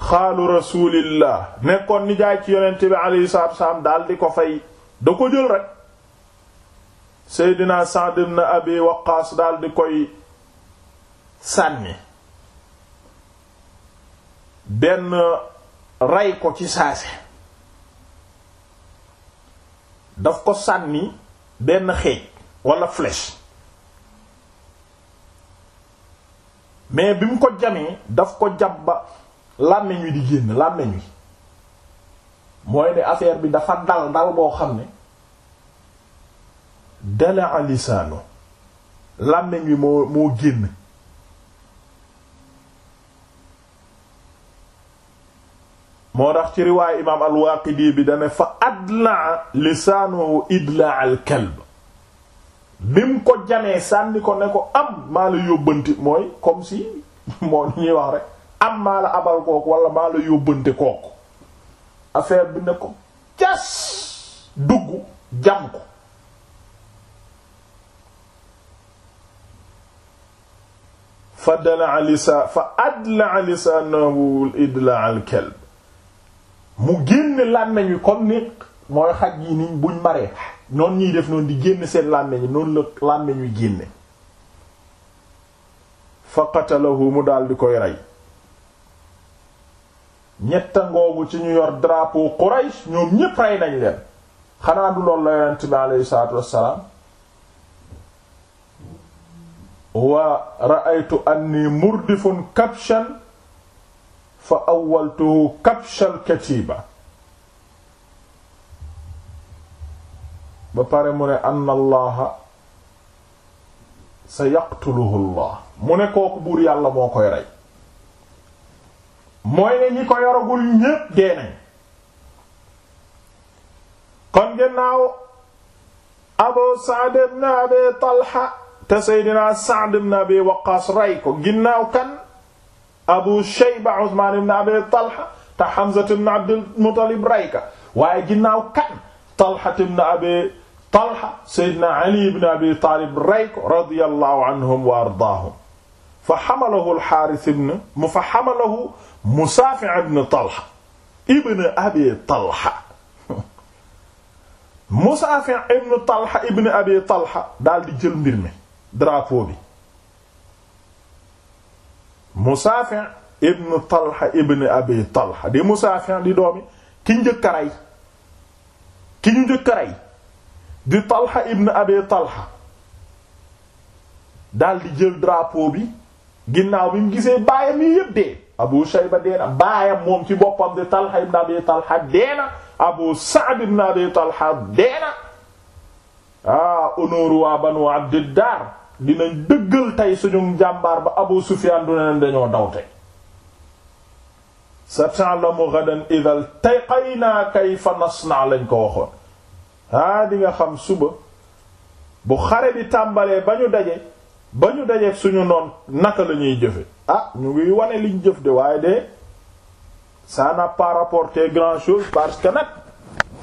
Speaker 1: xaalu rasulillah nekkoon ni ci yonent bi alayhi salaatu wasalaam daal di ko fay da ko jël rek Seydina Sa'd ibn Abi Waqqaas daal di koy sànni benn rey ko ci saase daf ko sànni benn xeej walla flèche mais bi mu ko jamee daf ko jàpp ba làmmiñ wi di génn làmmiñ wi mooy ne affaire bi dafa dal dal boo xam ne dalaa lisaanu làmmiñ wi moo moo génn moo tax ci riwaay imaam al bi dane fa adlaa lisaanu idlaa al-kalb bi mu ko jamee sànni ko ne ko am maa la yóbbanti mooy comme si moo ñuy wax rek am maa la abal kooku wala maa la yóbbante kooku affaire bi ne ko cas dugg jam ko fa dana lisa fa adla lisaanahu idla al kalb mu génn làmmiñ wi comme ni mooy xaj yi niñ buñ maree noonu ñuy def noonu di génn seen làmmiñ yi noonu la làmmiñ wi génne fa qatalahu mu daal di koy rey ñetta ngoogu ci ñu yor drapeau Quraysh ñoom ñépp rey nañ leen xanaa du loolu la yonent bi aleyhi salaatu wassalaam wa ra'aytu anni murdifun kabshan fa awwaltuhu kabshal katiba ba pare mu ne anna allaha sa yaqtuluhu allah mu ne kooku buur yàlla moo koy rey mooy ne ñi ko yoragul ñépp dee nañ kon gannaaw abu Sa'd ibn Abi Talha te Seydina Sa'd ibn Abi Waqqas rey ko ginnaaw kan Abu Shayba Usman ibn Abi Talha te Hamza ibn Abdul Muttalib rey ka waaye ginnaaw kan Talha ibn Abi Talha Seydina Ali ibn Abi Talib rey ko radiyallahu anhum wa ardaahum fa hamalahu al-Harith ibn mu fa hamalahu Musaafi ibn Talha ibn Abi Talha Musaafi ibn Talha ibn Abi Talha daal di jël mbir mi drapeau bi Musaafi ibn Talha ibn Abi Talha di Musaafi di doomi ki njëkk a rey ki ñu njëkk rey di Talha ibn Abi Talha daal di jël drapeau bi ginnaaw bi mu gisee baayam yi yépp Abu Shayba deena baayam moom ci boppam di Talha ibn Abi Talha deena Abu Sa'd ibn Abi Talha deena ah honneur waa Banu Abdiddar dinañ dëggal tey suñu jàmbaar ba Abu Sufyan du ne dañoo daw tey sa ta'lamu ghadan idha iltaqayna kayfa nasna lañ ko waxoon ah di xam suba bu xare bi tàmbalee ba ñu daje ba ñu daje suñu noon naka lañuy ñuy jëfe ah ñu ngi wane liñ jëf de waaye de ça n'a pas rapporté grand chose parce que nag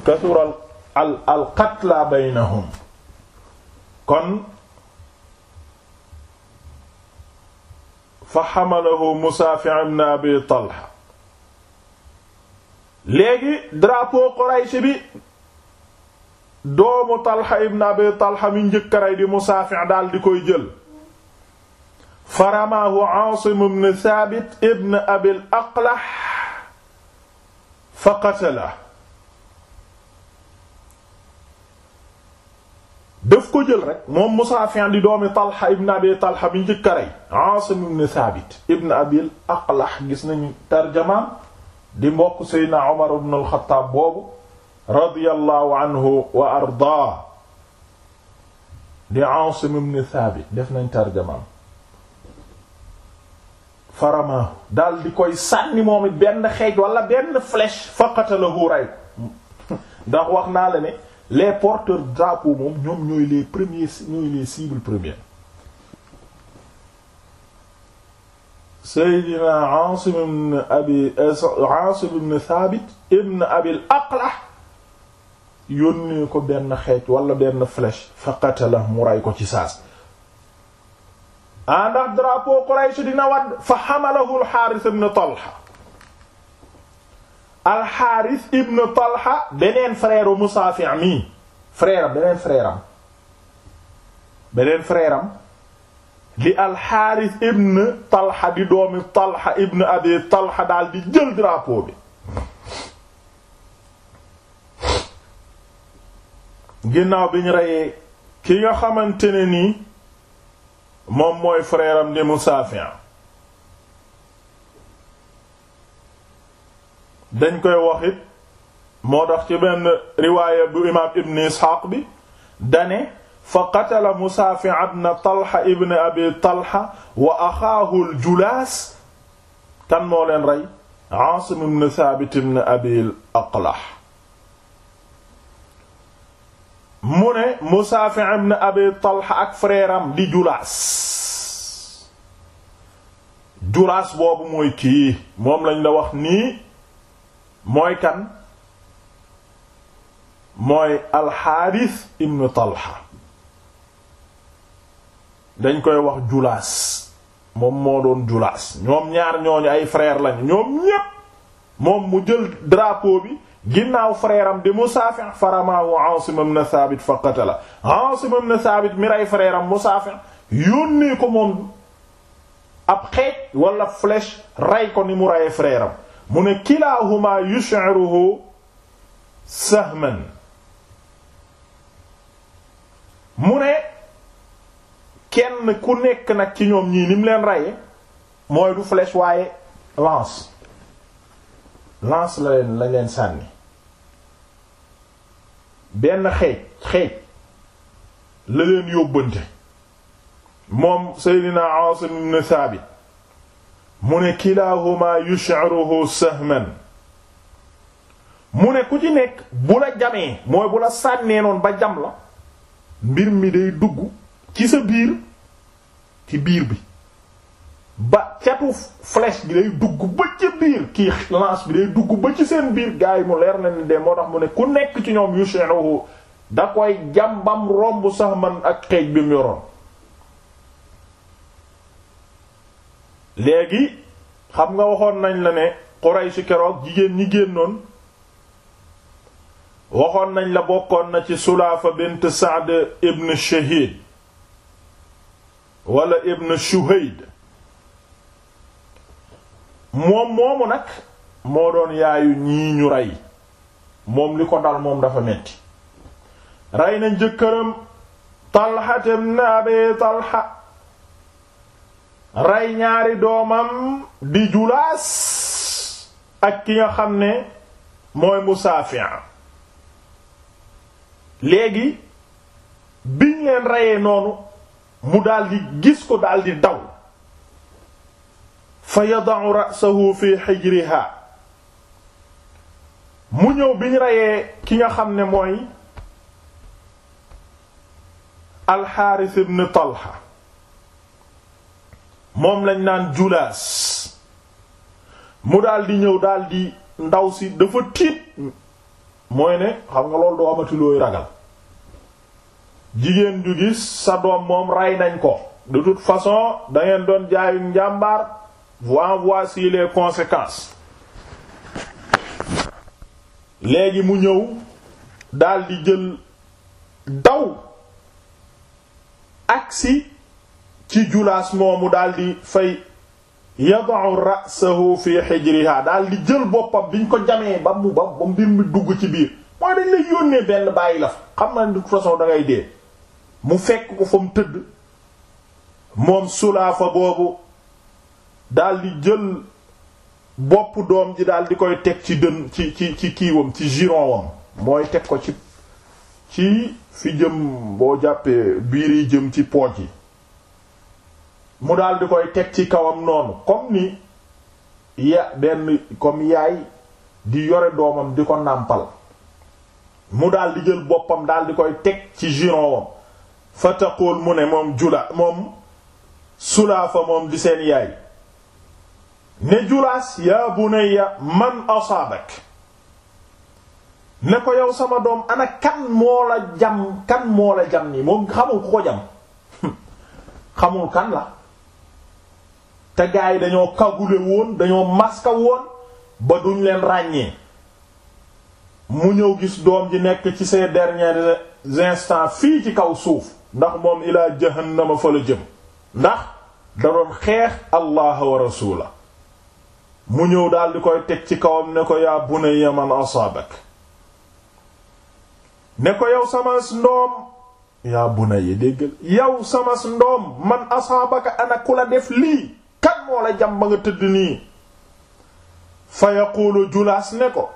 Speaker 1: kasural al al qatla baynahum kon fa xamalahu Musaafi ibn Abi Talha léegi drapeau Quraysh bi doomu Talha ibn Abi Talha mi njëkk a rey di Musaafi daal di koy jël faramaahu Aasim ibn Thaabit ibn Abil Aqlah fa qatalahu daf ko jël rek moom Musaafi di doomi Talha ibn Abi Talha bi njëkk a rey Aasim ibn Thaabit ibn Abil Aqlah gis nañu tarjamaam di mbokk Seydina Omar ibn al-Khattab boobu radiyallahu anhu wa ardaa di Aasim ibn Thaabit def nañ tarjamaam farama daal di koy sànni moom it benn xeej wala benn flèche faqatalahu ray ndax wax naa la ne les porteurs drapeau moom ñoom ñooy les premiers ñooy les cibles premières Seydina Asim ibn Abi Asim ibn Thabit ibn Abil Aqla yónnee ko benn xeej wala benn flèche faqatalahu mu ray ko ci saas ah ndax drapeau Quraysh dina wadd fa xamalahu alxaaris ibn Talha alxaaris ibn Talha beneen frère u Musaafi mi frère beneen frère am li alxaaris ibn Talha di doomi Talha ibn Abi Talha daal di jël drapeau bi ginnaaw bi ñu reyee ki nga xamante ne nii moom mooy frère am di Musaafi' dañ koy wax it moo tax ci benn riwaaya bu imaam Ibn Isxaaq bi dane fa qatala Musaafi' ibn Talha ibn Abi Talha wa axaahu al-Julaas kan moo leen rey Aasim ibn Saabit ibn Abil Aqlah mu ne Musaafi na Abi Talha ak freeram di Julaas Julaas boobu mooy kii moom lañ la wax nii mooy kan mooy Alxaaris ibn Talha dañ koy wax Julaas moom moo doon Julaas ñoom ñaar ñooñu ay frère lañ ñoom ñépp moom mu jël drapeau bi ginnaaw frère am di Musaafi faramaahu Aasim ibn Saabit fa qatala Aasim ibn Saabit mi rey frère am Musaafi yónnee ko moom ab xeej wala flèche rey ko ni mu reyee frère am mu ne kilaahumaa yush'iruhu sahman mu ne kenn ku nekk nag ci ñoom ñii ni mu leen reye mooy du flèche waaye lance lance la leen lañ leen sànni benn xeej xeej la leen yóbbante moom seydina Aasim ibn Saabit mu ne kilaahumaa yush'iruhu sahman mu ne ku ci nekk bu la jamee mooy bu la sànnee noonu ba jam la mbir mi day dugg ci sa biir ci biir bi ba catu gi day dugg ba ci biir kii lance bi day dugg ba ci seen biir gars yi mu leer na ni de moo tax mu ne ku nekk ci ñoom yu yushirahu da koy jàmbam romb sax man ak xeej bi mu yoroon léegi xam nga waxoon nañ la ne Quraysh keroog jigéen ñi génnoon waxoon nañ la bokkoon na ci Sulaafa bint Sa'd ibn Shahid wala ibn Shuhayd moom moomu nag moo doon yaayu ñii ñu rey moom li ko dal moom dafa metti rey na jëkkëram Talha ibn Abi Talha rey ñaari doomam di Julaas ak ki nga xam ne mooy Musaafi' léegi biñ leen reyee noonu mu daldi gis ko daldi daw fa yada'u ra'sahu fi hijriha mu ñëw biñ reyee ki nga xam ne mooy alxaaris ibn talha moom lañ naan julaas mu daldi ñëw daldi ndaw si dafa tiit mooy ne xam nga loolu doo amati looy ragal jigéen ju gis sa doom moom rey nañ ko de toute façon dangeen doon jaayu njàmbaar en voici les léegi mu ñëw daldi jël daw agsi ci julaas moomu daldi fay yada'u ra'sahu fi hijriha daldi jël boppam biñ ko jamee ba mu ba mbir mi dugg ci biir mooy dañ lay yónnee benn bàyyi la fa xam na de façon da ngay dee mu fekk ko fa mu tëdd moom sulaafa boobu daal di jël bopp doom ji daal di koy teg ci dën ci ci ci kiiwam ci giron wam mooy teg ko ci ci fi jëm boo jàppee biir yi jëm ci pooj yi mu daal di koy teg ci kawam noonu comme ni ya benn comme yaay di yore doomam di ko nàmpal mu daal di jël boppam dal di koy teg ci giron wam fa taqul mu ne moom jula moom sulaafa moom di seen yaay ne julaas yaa bunayya man asaabak ne ko yow sama doom ana kan moo la jam kan moo la jam nii moom xamul ku ko jam xamul kan la te gaa yi dañoo kagule woon dañoo maska woon ba duñ leen ràññee mu ñëw gis doom ji nekk ci ses derniers instants fii ci kaw suuf ndax moom ilaa jahannama fa la jëm ndax da doon xeex allah wa rasula mu ñëw daal di koy teg ci kawam ne ko yaa bunayya man asaabak ne ko yow sama ndoom yaa bunayya déggal yow sama ndoom man asaabaka ana ku la def lii kan moo la nga tëdd nii fa yaqulu julaas ne ko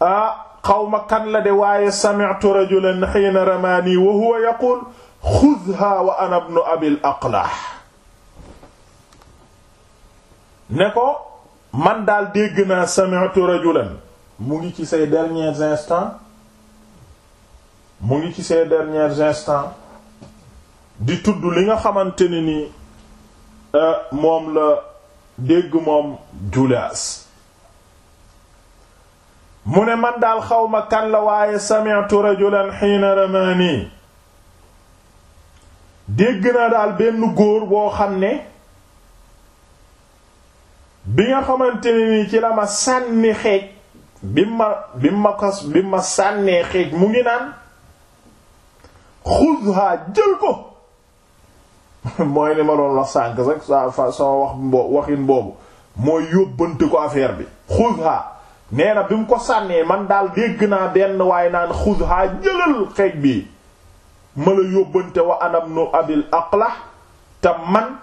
Speaker 1: ah xawma kan la de waaye sami'tu rajulan hiina ramaani wa huwa yaqul xudha wa ana ibnu abil aqlah ne ko man daal dégg naa sami'tu rajulan mu ngi ci ses dernier instants mu ngi ci ses derniers instants di tudd li nga xamante ne ni euh, moom la dégg moom Julias mu ne man daal xawma kan la waaye sami'tu rajulan hina nii dégg naa daal benn góor boo xam ne bi nga xamante ne nii ci la ma sànni xeej bi ma bi ma kos bi ma sànnee xeej mu ngi naan xudha jël ko mooy ni ma doon wax sànk rek sa fa sama wax mbo waxin boobu mooy yóbbante ko affaire bi xudha nee na bi mu ko sànnee man daal dégg naa benn waaye naan xudha jëlal xeej bii ma la yóbbante wa anam nu abil aqlah te man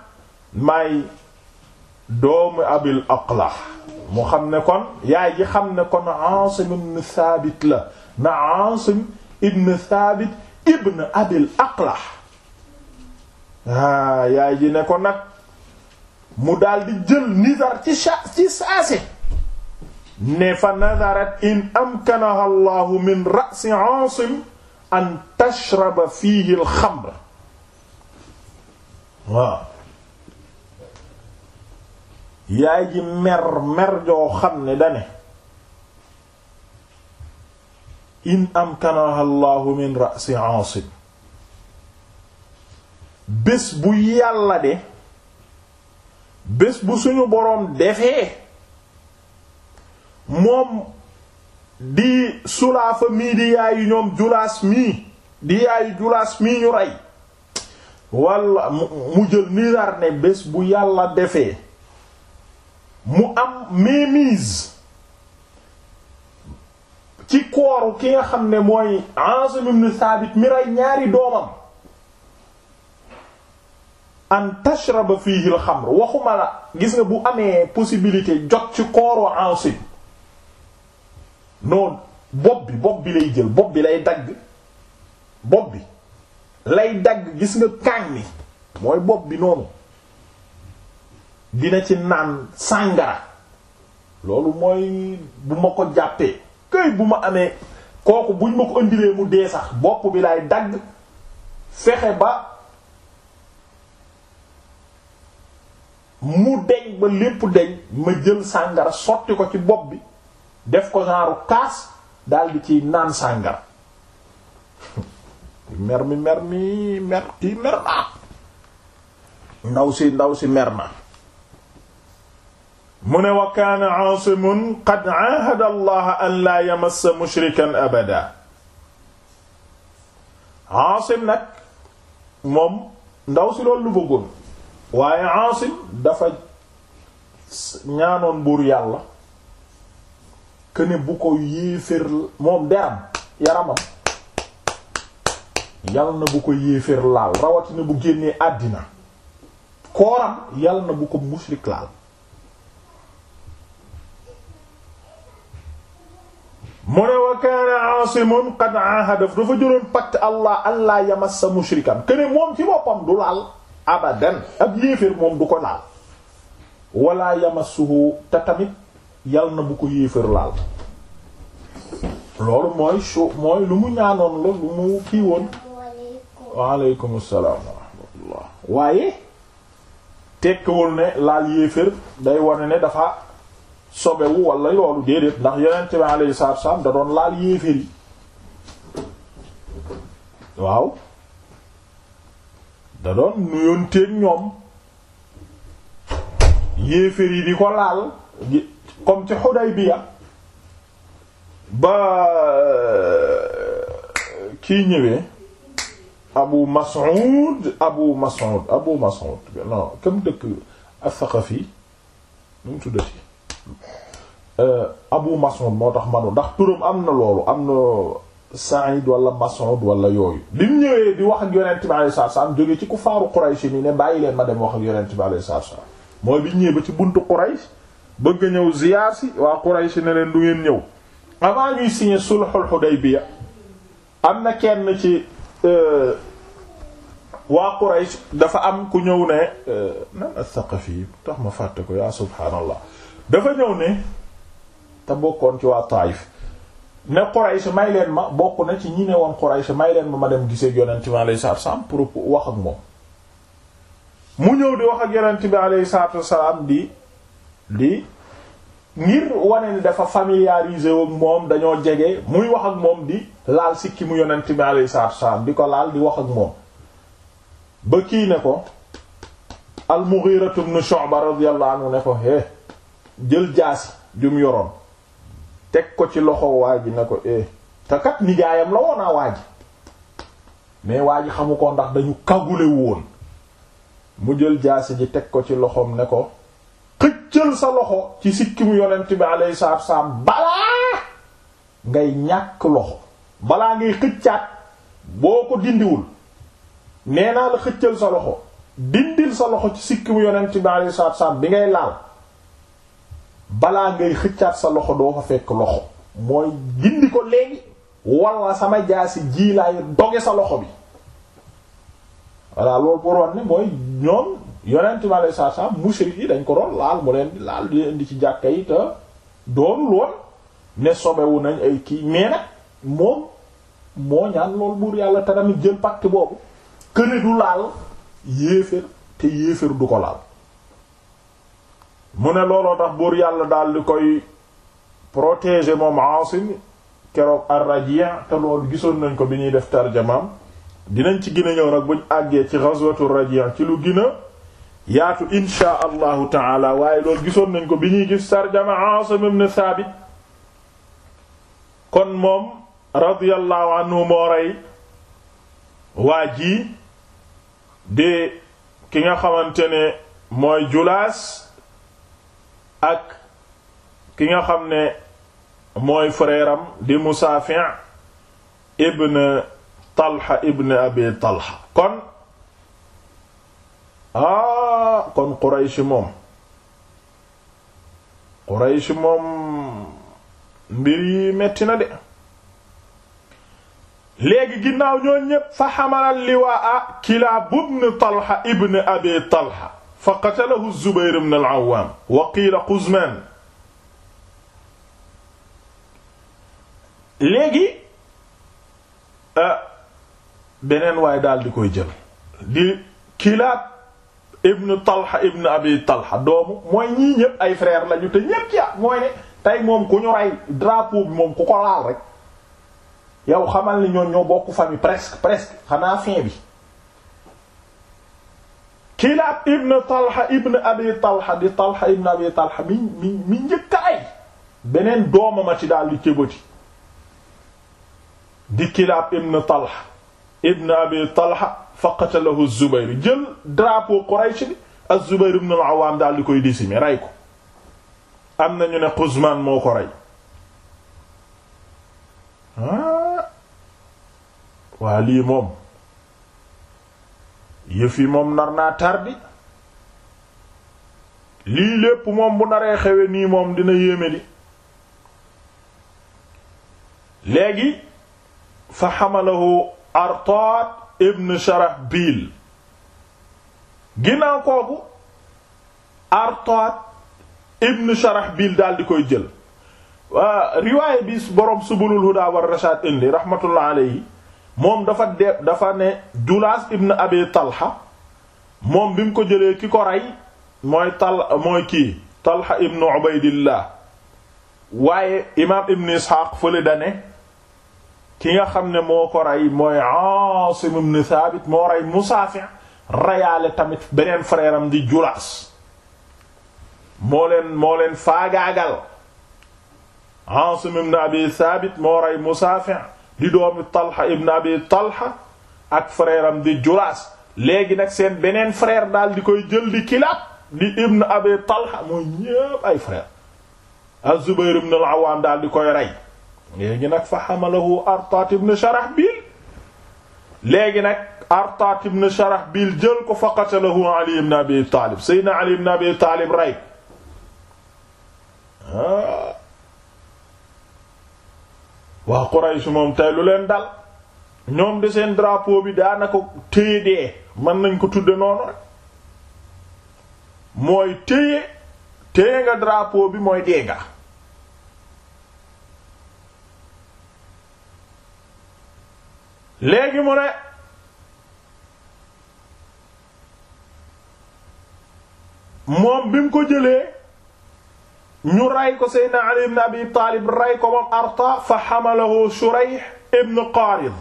Speaker 1: maay doom abil aqlah mu xam ne kon yaay ji xam ne kon Asim ibn Thabit la na Asim ibn Thabit ibn abil aqlah ah, aa yaay ji ne ko nag mu daal di jël nizar ci sa ne fa nadarat in amkanaha Allahu min ra'si Asim an tashraba fiihi al-xamr yaay ji mer mer joo xam ne dane in amkanaha min ra'si aasib bés bu yàlla de bés bu suñu boroom defee moom di sulaafa mii di yaayu ñoom julaas mii di yaayu julaas mii ñu rey walla mu jël nizar ne bés bu yàlla defee mu am mémise ci kooru ki nga xam ne mooy Asim ibn Thabit mi rey ñaari doomam an tashraba fihi al-khamr waxuma la gis nga bu amee possibilité jot ci kooru Asim noonu bopp bi bopp bi lay jël bopp bi lay dagg bopp bi lay dagg gis nga kàng ni mooy bopp bi noonu dina ci naan sàngara loolu mooy bu ma ko jàppee kay bu ma amee kooku buñ ma ko indilee mu dee sax bopp bi lay dagg fexe ba mu deñ ba lépp deñ ma jël sàngara sotti ko ci bopp bi def ko genre kaas daldi ciy naan sàngara mer mi mer mi mer mer naa ah! ndaw si ndaw si mer na mu ne wa kaana aasimun qad aahada allaha an laa yamassa mushrikan abada aasim nag moom ndaw si loolu bëggoon waaye aasim dafa ñaanoon buur yàlla këne bu ko yéeféer moom deram yaramam yal na bu ko yéeféer laal rawatina bu génnee àddina kooram yal na bu ko mushrik laal mu ne wa kaana Aasimun qad ahada dafa jëloon pacte allah allah yamassa mushrikan kene moom ci boppam du laal abadan ab yéeféer moom du ko laal wala yamassuhu te tamit yal na bu ko yéeféer laal loolu mooy su mooy lu mu ñaanoon la lu mu kii woon waaleykum salaam wa rahmatullah waaye tekkiwul ne laal yéeféer day wane ne dafa sobewu walla loolu déedéet ndax yonent bi alayhi salaatu wasallam da doon laal yéeféer yi waaw da doon nuyonteeg ñoom yéeféer yi di ko laal comme ci Hudaybiya ba euh, kii ñëwee Abu Mas'ud Abu Mas'ud Abu Mas'ud non dëkk as-Saqafi nu mu tuddati Euh, Abu Mas'ud moo tax manu ndax turam am na loolu am na Sa'id wala Mas'ud wala yooyu bi mu ñëwee di wax ak yonent bi alayhi salaatu salaam jóge ci kufaaru Quraysh ni ne bàyyi leen ma dem wax ak yonent bi alayhi salaatu salaam mooy bi ñëwee ba ci buntu Quraysh bëgg ñëw ziyaar si waa Quraysh ne leen du ngeen ñëw avant ñuy signé sulhul Hudaybiya am na kenn ci euh, waa Quraysh dafa am ku ñëw ne nan euh, as-Saqafi tax ma fàtte ko yaa subhaanallah dafa ñëw ne te bokkoon ci waa Taayif ne Quraysh may leen ma bokk na ci ñi ne woon Quraysh may leen ma ma dem gisee yonent bi alayhi salaatu salaam pour wax ak moom mu ñëw di wax ak yonent bi alayhi salaatu salaam di di ngir wane ni dafa familiarisé ak moom dañoo jege muy wax ak moom di laal sikki mu yonent bi alayhi salaatu salaam di ko laal di wax ak moom ba kii ne ko al-Mughira ibn Shu'ba radiyallahu anhu ne ko hé jël jaasi jum yoroon teg ko ci loxo waa ji ne ko eh te kat nijaayam la woon naa ah, waa mais waa ji xamu ko ndax dañu kagule woon mu jël jaasi ji teg ko ci loxoom ne ko xëccal sa loxo ci sikkimu yonent bi alayhi salaatu wassalaam balaa ngay ñàkk loxo balaa ngay xëccaat boo ko dindiwul nee naa la xëccal sa loxo dindil sa loxo ci sikkimu yonent bi alayhi salaatu wassalaam bi ngay laal balaa ngay xëccaat sa loxo doo fa fekk loxo mooy gindi ko léegi walla sama jaasi ji laay doge sa loxo bi voilà loolu boo doon ne mooy ñoom yonent ma lay saa mushrik yi dañ ko doon laal mu leen di laal di indi ci ne sobewu nañ ay kii mais nag moom moo ñaan loolu buur yàlla te tamit jël pacte boobu këne du laal yéeféer te yéeféer du ko laal mu ne looloo tax buur yàlla daal di koy protéger moom Aasim keroog ar te lool gisoon nañ ko bi ñuy def tarjamaam dinañ ci gën a ñëw nag buñ àggee ci ghazwatu ar-Raji' ci lu gën a yaatu inshaa allahu taala waaye dool gisoon nañ ko bi ñuy gis tarjama Aasim ibn Saabit kon moom radiyallahu anhu moo rey waa ji de ki nga xamante ne mooy Julaas ak ki nga xam ne mooy frère am di Musaafi' ibn Talha ibn Abi Talha kon ah moom mbir yi metti na de léegi ginnaaw ñoo ñépp fa xamalal liwaa Kilaab ibn Talha ibn Abi Talha fa qatalahu Zubayr ibn al-Awwam wa qiila Quzman léegi ah, beneen waay daal di koy jël di Kilaab ibn Talha ibn Abi Talha doomu mooy ñii ñëpp ay frère lañu te ñëpp ya mooy ne tey moom ku ñu rey drapeau bi moom ku ko laal rek yow xamal ni ñoon ñoo bokk famille presque presque xanaa fin bi Kilaab ibn Talha ibn Abi Talha mi mi mi njëkk beneen doomama ci daal di cëbati di Kilaab ibn Talha ibn Abi Talha faqatalahu Zubayr jël drapeau Quraysh bi az-Zubayr ibn al-Awwam daal di koy décimer rey ko am nañu ne Quzman moo ko rey ah. waa moom yëf moom nar naa tardi lii lépp moom bu naree xewe nii moom dina yéeme li léegi fa xamalahu artaad ibn sharahbil ginnaaw kooku artaad ibn sharahbil daal di koy jël riwaaye bi boroom subulul huda war rashaad indi raxmatullah alayhi moom dafa de dafa ne Julaas ibn Abi Talha moom bi mu ko jëlee ki ko rey mooy tal mooy kii Talha ibn Ubaydillah waaye imaam ibn Isxaaq fële dane ki nga xam ne moo ko rey mooy Aasim ibn Thaabit moo rey Musaafi reyaale tamit beneen frère di Julaas moo leen moo leen faagaagal Aasim ibn Abi Thaabit moo rey Musaafi di doomi Talha ibn Abi Talha ak frère am di Juraas léegi nag seen beneen frère daal di koy jël di Kilaab di ibn Abi Talha mooy ñépp ay frère Az-Zubayr ibn al-Awwam daal di koy rey léegi nag fa hamalahu Artat ibn Sharahbil léegi nag Artat ibn Sharahbil jël ko fa qatalahu Ali ibn Abi Talib Seydina Ali ibn Abi Talib rey ah. waa Quraysh moom tey lu leen dal ñoom de seen drapeau bi daanaka téye dee mën nañ ko tudde noonu rek mooy téye téye nga drapeau bi mooy dee nga léegi mu ne moom bi mu ko jëlee ñu rey ko Seydina Ali ibn Abi Taalib rey ko moom Arta fa xamalahu Shurayh ibn Qaarid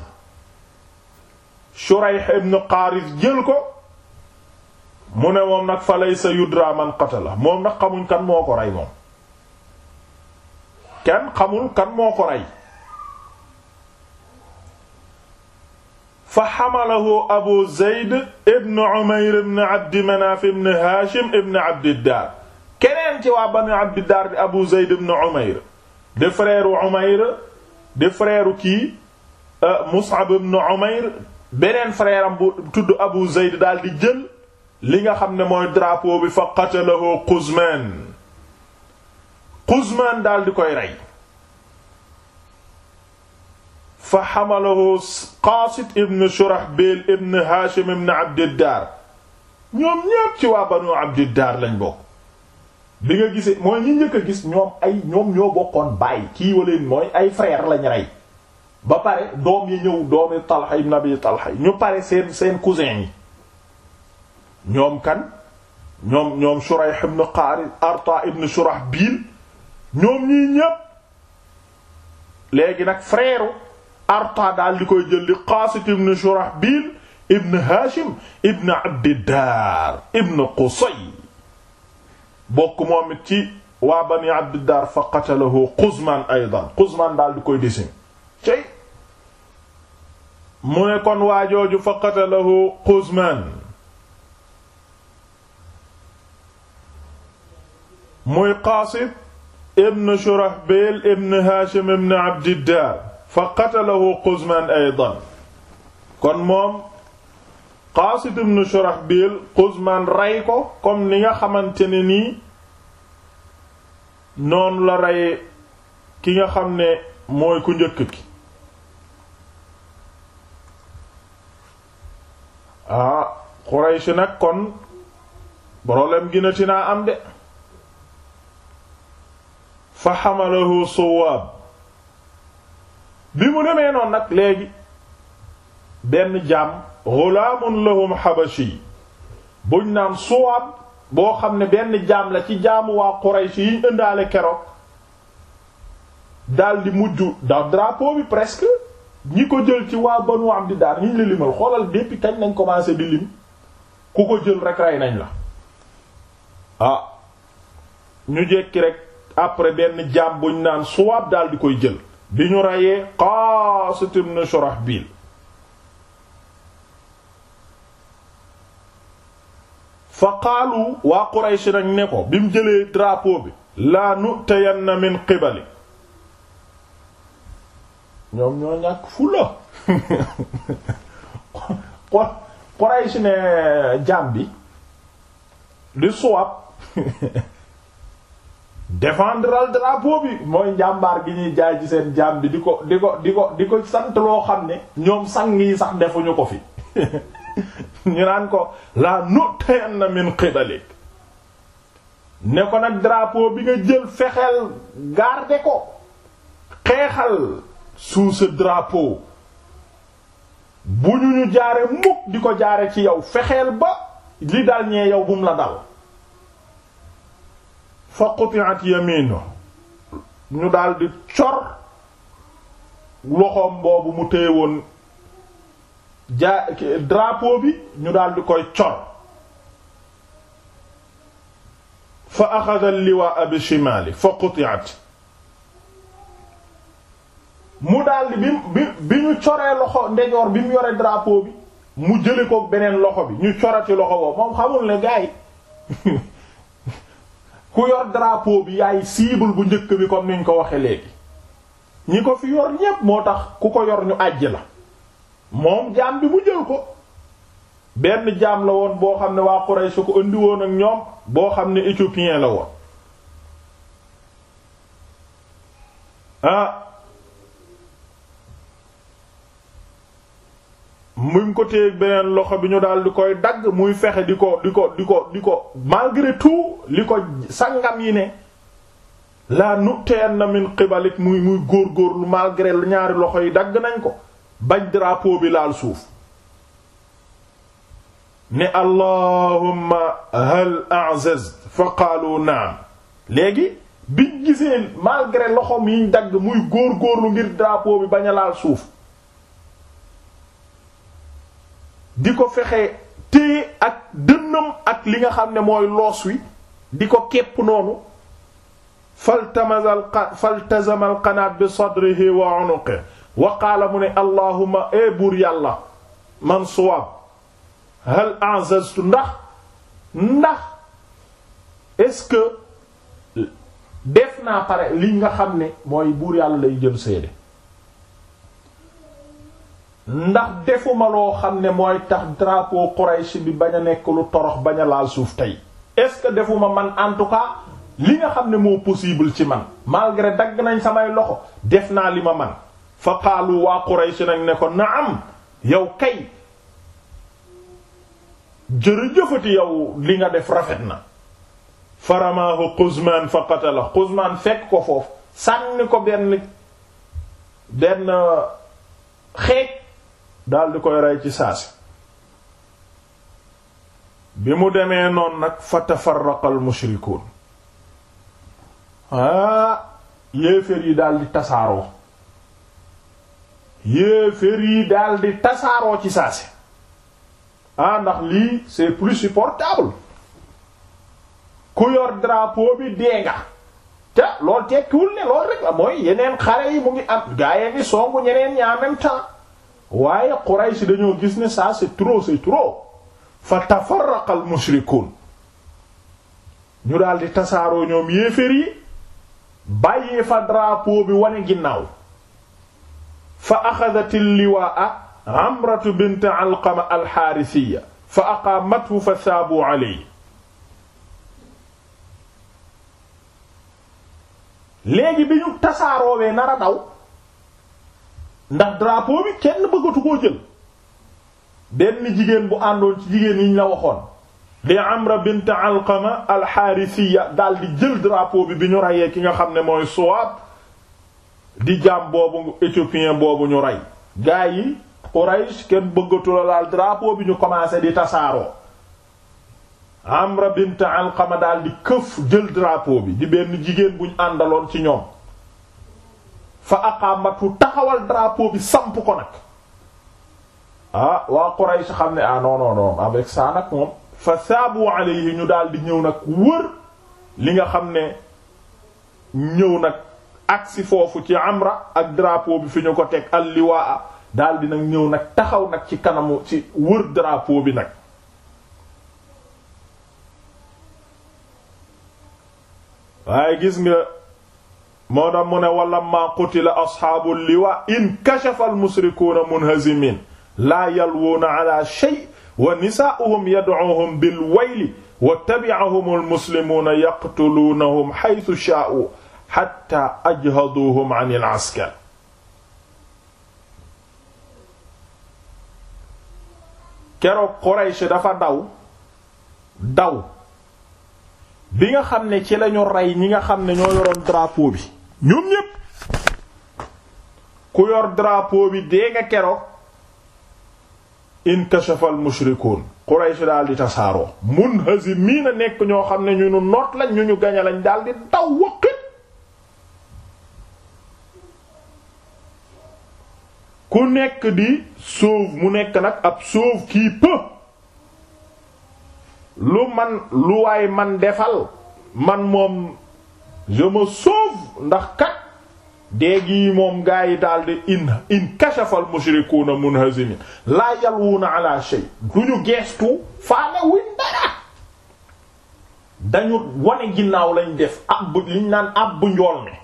Speaker 1: Shurayh ibn mu ne moom nag fa laysa yudra man qatala moom nag kan moo ko rey moom kenn kan moo ko rey fa xamalahu Abu Zayd ibn Umayr ibn Abdi Manaaf ibn Haashim ibn Abdi Daar keneen ci waa banu abdiddar di abu zayd ibn umayr de frère umayr de frère kii euh, mus'ab ibn umayr beneen frère tudd abu zayd daal jël li nga xam ne mooy drapeau bi fa qatalahu quzman quzman daal koy rey fa xamalahu qaasit ibn shurahbil ibn haashim ibn abdiddar ci waa banu abdiddar lañ bokk li nga gisee mooy ñi njëkk a gis ñoom ay ñoom ñoo bokkoon bàyyi kii waleen mooy ay frère lañ rey ba pare doom yi ñëw doomi Talha ibn Abi Talha ñu pare seen seen yi ñoom kan ñoom ñoom Shurayh ibn Qaari Arta ibn Shurahbil ñoom ñii ñépp léegi nag frère Arta daal di koy jël di Qaasit ibn Shurahbil ibn Hashim ibn Abdiddar ibn Qusay bokk moom it ci waa bani abdiddar fa qatalahu Quzman aydan Quzman daal di koy disin cey mu kon waajooju fa qatalahu Quzman muy Qaasim ibn Shurahbil ibn Hashim ibn Abdiddar fa qatalahu Quzman aydan kon moom Qaasid ibn Shurahbil Quzman rey ko comme ni nga xamante ne nii noonu la rey ki nga xam ne mooy ku njëkk ki ah Quraysh nag kon problème gi na tinaa am de fa xamalahu Suwaab bi mu demee noonu nag léegi benn jaam ghulaamun lahum habashi buñ naan suwaab boo xam ne benn jaam la ci jaamu waa Quraysh yi ñu ëndaale keroog daal di mujj da drapeau bi presque ñi ko jël ci waa Banu Abdi Daar ñu la limal xoolal depuis kañ nañ commencé bi lim ku ko jël rek ray nañ la ah ñu jekki rek après benn jaam buñ naan suwaab daal di koy jël bi ñu reyee Qaas ibn Shurahbil fa qaalu waa Quraysh nag ne ko bi mu jëlee drapeau bi laa nutayanna min qibali ñoom ñoo ñàkk fula Quraysh ne jaam bi di suwab défendral drapeau bi mooy njàmbaar gi ñuy jaay ci seen jaam bi di ko di ko di ko di ko sant loo xam ne ñoom sang yi sax defuñu ko fi ñu naan ko la nutayanna min qibalik ne ko nag drapeau bi nga jël fexeel garder ko xeexal sous ce bu ñu ñu jaare mukk di ko jaare ci yow fexeel ba li dal ñee yow bu la dal fa quti'at yaminu ñu daldi cor loxoom boobu mu téye woon jaa bi ñu daldi di koy cor fa axada liwaa bi shimaali fa quti'at mu daldi bi bi bi ñu coree loxo ndejoor bi mu yore drapeau bi mu jëli ko beneen loxo bi ñu corati loxo boobu moom xamul ne gars ku yor drapeau bi yaay cible bu njëkk bi comme niñ ko waxe léegi ñi ko fi yor ñépp moo tax ku ko yor ñu àjj la moom jaam bi mu jël ko benn jaam la woon boo xam ne waa Quraysh ko indi woon ak ñoom boo xam ne éthiopien la woon ah. muñ ko téeg beneen loxo bi ñu daal di koy dagg muy fexe di ko di ko di ko di ko malgré tout li ko sangam yi ne la nu teen na min qibalik muy muy góor góorlu malgré ñaari loxo yi dagg nañ ko bañ drapeau bi laal suuf ne allahumma hal a'zaz fa qaalu naam léegi biñ gisee malgré loxoom yiñ dagg muy góor-góorlu ngir drapeau bi bañ a laal suuf di ko fexe téye ak dënnam ak li nga xam ne mooy loos wi di ko képp noonu fa faltazama al qanaat bi sadrihi wa unuqihi waqaala mu ne allahuma e eh, buur yàlla man suwaab hal a'zaztu ndax ndax est-ce que def naa pare li nga xam ne mooy buur yàlla lay jël seede ndax defuma loo xam ne mooy tax drapeau Quraysh bi bañ a nekk lu torox bañ a laal suuf tey est-ce que defuma man en tout cas li nga xam ne moo possible ci man malgré dagg nañ samay loxo def naa li ma man fa qaalu waa Quraysh nag ne ko naam yow kay jërëjëfati yow li nga def rafet na faramaahu Quzmaan fa qatala Quzmaan fekk ko foofu sànni ko benn benn xeej daal di koy rey ci saasi bi mu demee noonu nag fa tafarraqa al ah, yéeféer yi daal di tasaaroo yéefér yi daldi di tasaaroo ci saasi ah ndax lii c'est plus supportable ku yor drapeau bi dee nga te loolu tekkiwul ne loolu rek la mooy yeneen xare yi mu ngi am gaayee ngi songu ñeneen ñi en même temps waaye dañoo gis ne ça c'est trop c'est trop fa tafarraqa al ñu daldi di tasaaroo ñoom yéefér yi bàyyee fa drapeau bi wane ginnaaw fa axadat alliwaa amratu bint alqama alxaarisiya fa aqaamathu fa saabuu alayhi léegi bi ñu tasaaroowee nar a ndax drapeau bi kenn bëggatu koo jël benn jigéen bu àndoon ci jigéen yi ñu la waxoon di Amra bint Alqama alxaarisiya daal jël drapeau bi bi ñu rayee ki nga xam ne mooy Suwaab di jaam boobu éthiopien boobu ñu rey gaa yi Quraysh kenn bëggatula laal drapeau bi ñu commencé di tasaaroo Amra bint Alqama daal di këf jël drapeau bi di benn jigéen buñ àndaloon ci ñoom fa aqamatu taxawal drapeau bi samp ko nag ah waa Quraysh xam ne ah non non non nag moom fa saabu alayhi ñu daal ñëw nag wër li nga xam ne ñëw nag agsi foofu ci amra ak drapeau bi fi ñu ko teg al liwaa daal di nag ñëw nag taxaw nag ci kanamu ci wër drapeau bi nag waaye gis nga moo tax mu ne wala maa qutila asxaabu liwa in kashafa al musrikuuna munhazimin laa yalwuuna ala shay wa nisaa'uhum yad'uuhum bil wayli wa tabi'ahum al muslimuuna yaqtuluunahum haythu shaa'u xatta ajhaduhum an il askar keroog Quraysh dafa daw daw bi nga xam ne ci lañu rey ñi nga xam ne ñoo yoroon drapeau bi ñoom ñépp ku yor drapeau bi dee nga keroog inkashafa al mushrikuun Quraysh daal di tasaaroo munhazimiin a nekk ñoo xam ne ñu nu noot lañ ñu ñu gañe lañ daal di daw waqit ku nekk di sauve mu nekk nag ab sauve kii peu lu man lu waay man defal man moom je me ndax kat déegi moom gaa yi daldi in in kashafal mushrikuuna munhazimin laa yalwuuna ala shay duñu geestu faale wuñ dara dañu wane ginnaaw lañu def ab liñ naan ab njool ne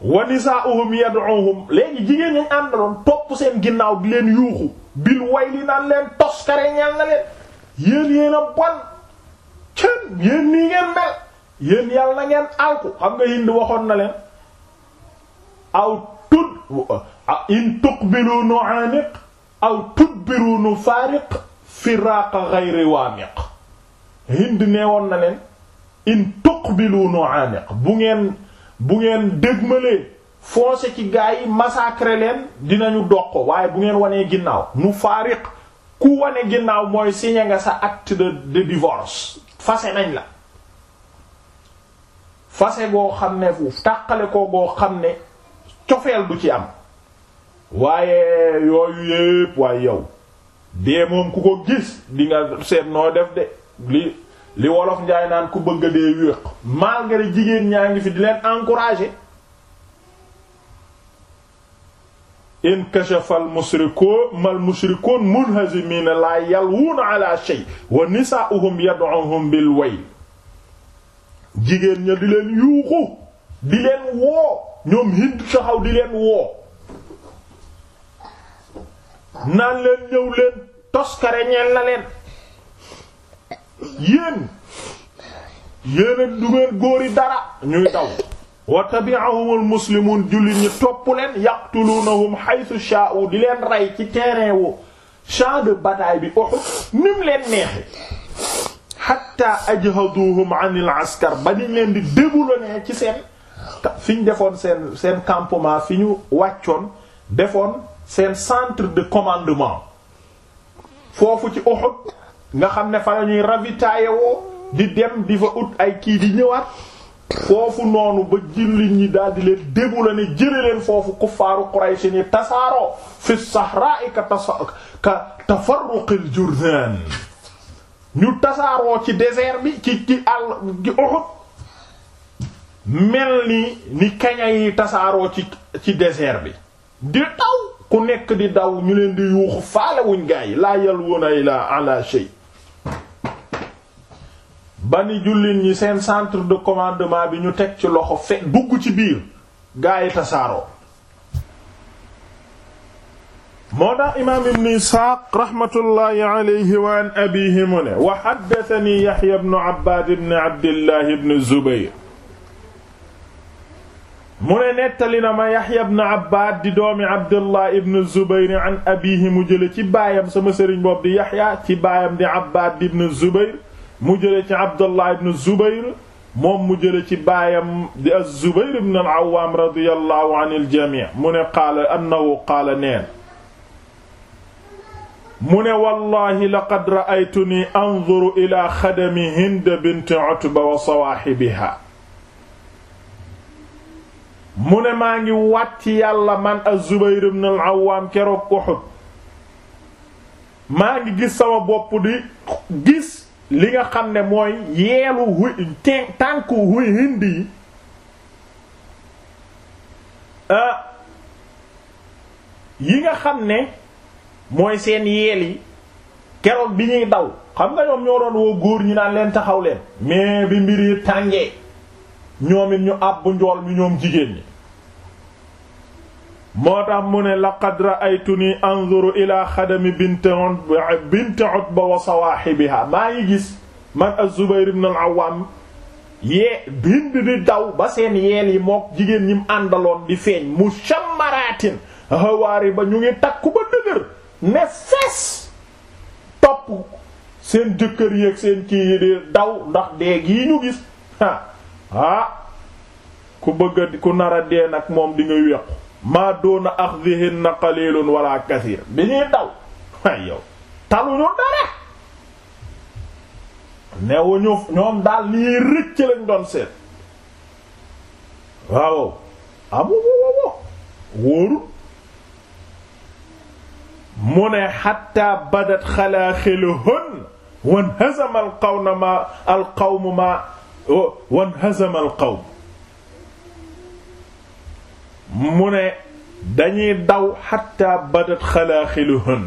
Speaker 1: wa nisaa'uhum yad'uuhum léegi jigéen ñañ àndaloon topp seen ginnaaw di leen yuuxu bil wayli naan leen toskare ñaan na leen yéen yéen a bon cën yéen nii ngeen mel yéen yàlla ngeen alku xam nga Hind waxoon na leen aw tud in tuqbilu nu aaniq aw tudbiru nu faariq firaaqa ghayri waamiq Hind nee woon na leen in tuqbilu nu aaniq bu ngeen bu ngeen dégmalee foncé ci gaa yi massacrer leen dinañu doq waaye bu ngeen wanee ginnaaw nu faariq ku wane ginnaaw mooy signé nga sa acte de de divorce fase nañ la fase goo xam ne fu tàqale ko goo xam ne cofeel du ci am waaye yooyu yépp waaye yow dee moom ku ko gis di seet noo def de li li wolof njaay naan ku bëgg dee wéeq malgré jigéen ñaa ngi fi di leen encourager in kashafa al musrikoon mal musrikoon munhazimina la yalwuuna ala shay wa nisaa'uhum yad'uhum bil way jigéen ña di leen yuuxu di leen woo ñoom hind taxaw di leen woo naan leen ñëw leen toskare ñeen la leen yéen yéen du ngeen góor yi dara ñuy daw wa tabi'ahumul muslimun jullit ñi topp leen yaqtulunahum haythu wu di leen rey ci terrain wu champ de bataay bi Uhud nim leen neexe hatta ajhaduhum 'anil askar ba niñ leen di déboulonner ci seen fi defoon seen seen fiñu wàccoon defoon seen centre de commandement foofu ci Uhud nga xam ne fa la ñuy di dem di fa ut ay kii di ñëwaat foofu noonu ba jullit ñi daal di leen débu la ne jëre leen foofu kuffaaru Quraysh ni tasaaroo fi sahra'i ka tasa ka tafarruqil Jurdaan ñu tasaaroo ci désert bi ci ci àll ci Uhud mel tasaaroo ci ci désert bi di taw ku nekk di daw ñu leen di yuuxu faalewuñ gaa yi laa yal woon ay la ala shay ba ni jullit ñi seen centre de commandement bi ñu teg ci loxo fe dugg ci biir gaa yi tasaaroo moo tax imaam ibn isxaaq raxmatullaahi alayhi wa an abihi mu ne wa xaddatani yaxya bnu abbaad ibn abdillahi bn zubayr mu ne nettali na ma yaxya bnu abbaad di doomi abdullah ibn zubayr an abihi mu jële ci baayam sama sëriñ boobu di yaxya ci baayam di abbaad ibn zubayr mu jële ci Abdullah ibn Zubayr moom mu jële ci baayam di az-Zubayr ibn al-Awwam radiyallahu anil jamii mu ne qaala annahu qaala neen mu ne wallahi laqad ra'aytuni anzuru ila xadami Hind bint Utba wa sawaahibiha mu ne maa ngi wàcc yàlla man az-Zubayr ibn al-Awwam keroog Uhud maa ngi gis sama bopp di gis li nga xam ne mooy yeelu huy tànku huy hindi yi euh, yi nga xam ne mooy seen yeel yi bi ñuy daw xam nga ñoom ñoo doon woo góor ñi naan leen taxaw leen mais bi mbir yi tàngee ñoom ñu àbb njool mi ñoom jigéen ñi moo tax mu ne laqad ra'aytuni anzuru ila xadami bint bint Utba wa sawaahibiha maa ngi gis man az-Zubayr ibn al-Awwam yee bind di daw ba seen yeel yi mook jigéen ñim àndaloon di feeñ mu shammaraatin hawaari ba ñu ngi takku ba dëgër ne fees topp seen jëkkër yi seen kii yi di daw ndax dee gii ñu gis ah ku bëgg ku nar a dee nag moom di nga maa doona axdihinna qalilun wala kathir bi ñuy daw ay yow taluñu dara newuñu ñoom daal lii rëcc lañ doon seet waaw amu wowowo wóoru mu ne xatta badat xalaaxiluhun wan hazama alqawma ma alqawmu ma wan hazama alqawm mu ne dañuy daw xatta badat xalaaxiluhun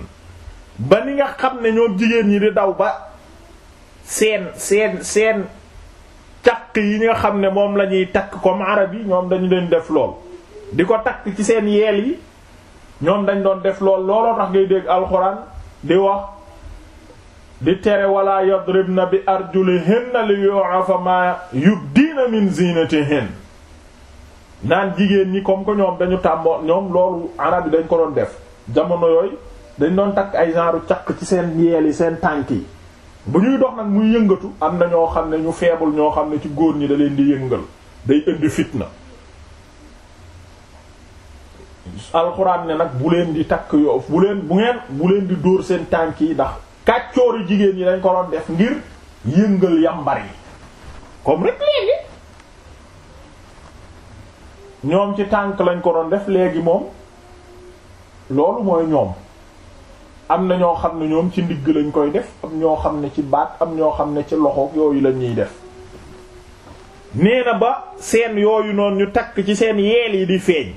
Speaker 1: ba ni nga xam ne ñoom jigéen ñi di daw ba seen seen seen caq yi nga xam ne moom lañuy takk ko arab bi ñoom dañu leen def lool di ko takk ci seen yeel yi ñoom dañ doon def lool looloo tax ngay dégg alxuraan di wax di tere wala yadribna bi arjulihinna li yu'rafa ma yubdina min zinatihin naan jigéen ñi comme que ñoom dañu tàmmoo ñoom loolu arab yi dañ ko doon def jamono yooyu dañ doon takk ay genre caq ci seen yeel yi seen tànk yi bu ñuy dox nag muy yëngatu am na ñoo xam ne ñu feebul ñoo xam ne ci góor ñi daleen di yëngal day indi fitna alxuraan ne nag bu leen di takk yoo bu leen bu ngeen bu leen di dóor seen tànk yi ndax kàccooru jigéen ñi dañ ko doon def ngir yëngal yambar yi comme rek léegi ñoom ci tànk lañ ko doon def léegi moom loolu mooy ñoom am na ñoo xam ne ñoom ci ndigg lañ koy def am ñoo xam ne ci baat am ñoo xam ne ci loxo yooyu lañuy def nee na ba seen yooyu noonu ñu takk ci seen yeel yi di feeñ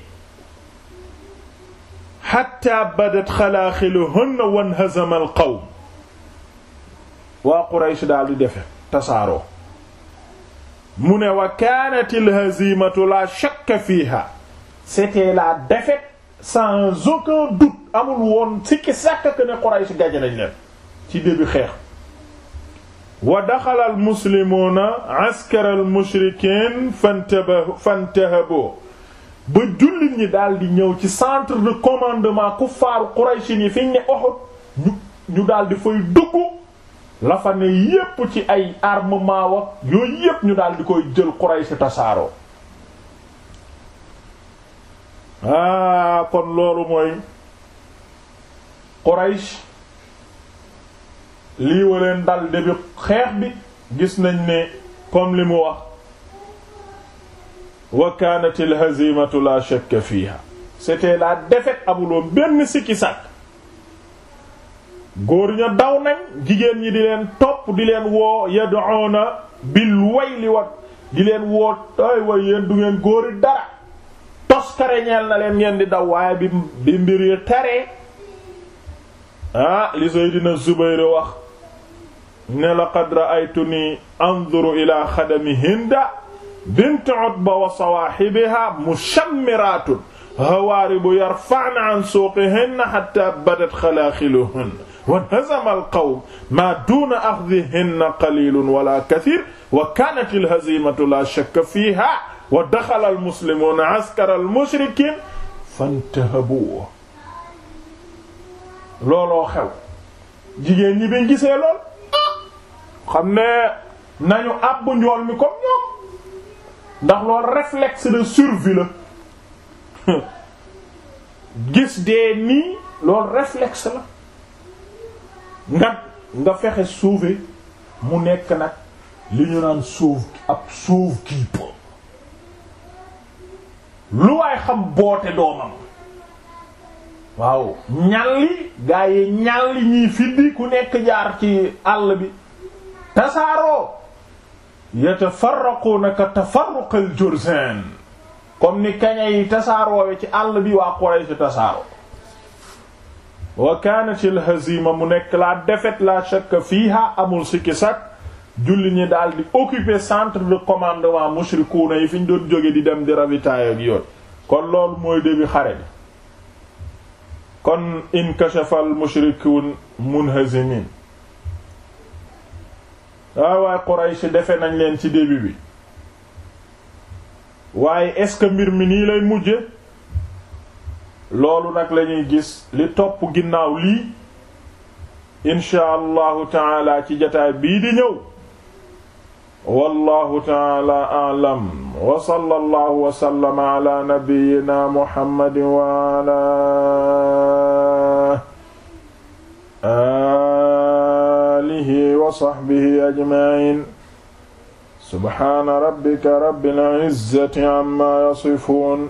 Speaker 1: xatta badat xalaaxiluhunna wanhazama al qawm waa Quraysh daal di defe tasaaroo mu ne wa kaanat al hazimatu la shakka fiha c'était la défaite sans aucun doute amul woon sikki sàkk que ne Quraysh gaje nañ leen ci début xeex wa daxala al muslimuna askara al mushrikin fantahabu ba jullit ñi daal di ñëw ci centre de commandement kuffaaru Quraysh yi fiñ ne Uhud ñu ñu daal fay dugg la fa ne yépp ci ay armement wax yooyu yépp ñu daal di koy jël Quraysh tasaaroo ah kon loolu mooy Quraysh lii wa leen bi xeex bi gis nañ ne comme li mu wax wa kaanat al hazimatu la shakka fiha c'était la défaite amuloon benn sikki sàkk góor ña daw nañ jigéen ñi di leen topp di leen woo yad'una bil wayli wat di leen woo ay way yéen du ngeen góori dara toskare ñeel na leen ngeen di daw waaye bi mbir yi taree ah, li Seydina Zubayr wax ne laqad ra'aytuni anzuru ila xadami Hinda bint Utba wa sawaahibiha mushammiratun hawaaribu yarfa'na an suuqihinna hatta badat xalaaxiluhunna wa hazama alqawm maa duuna axdihinna qalilun wala kathir wa kanat alhazimatu la shakka fiha wa daxala almuslimuna askara almushrikin fantahabu looloo xew jigéen ñi biñ gisee lool xam ne nañu àbb njool mi comme ñoom ndax loolu réflexe de survie la gis dee nii loolu réflexe la nag nga fexe sauver mu nekk nag li ñu naan sauve ab sauve qui lu waay xam boote doomam waaw ñalli gaa yi ñalli ñii fiddi ku nekk jaar ci àll bi tasaaroo yatafarraquuna ka tafarruqal jurzan comme ni kaña yi tasaaroo ci àll bi waa Quraysh tasaaroo wa kaanat al hazima mu nekk la defet la shakka fiiha amul sikki sak julli ñi daal di occuper centre de commandement mushrikuuna yi fi ñu doon jóge di dem di ravitailler ak yooyu kon loolu mooy début xare bi kon inkashafa al mushrikuun munhazimin waaye waaye Quraysh defe nañ leen ci début bi waaye est-ce que mbir mi nii lay mujje loolu nag lañuy gis li topp ginnaaw lii insha allahu taala ci jataay bii di ñëw wallahu taala a'lam wa sallallahu wa sallama ala nabiyyina muhammadin wa ala alihi wa sahbihi ajma'in subhana rabbika rabbil izzati amma yasifun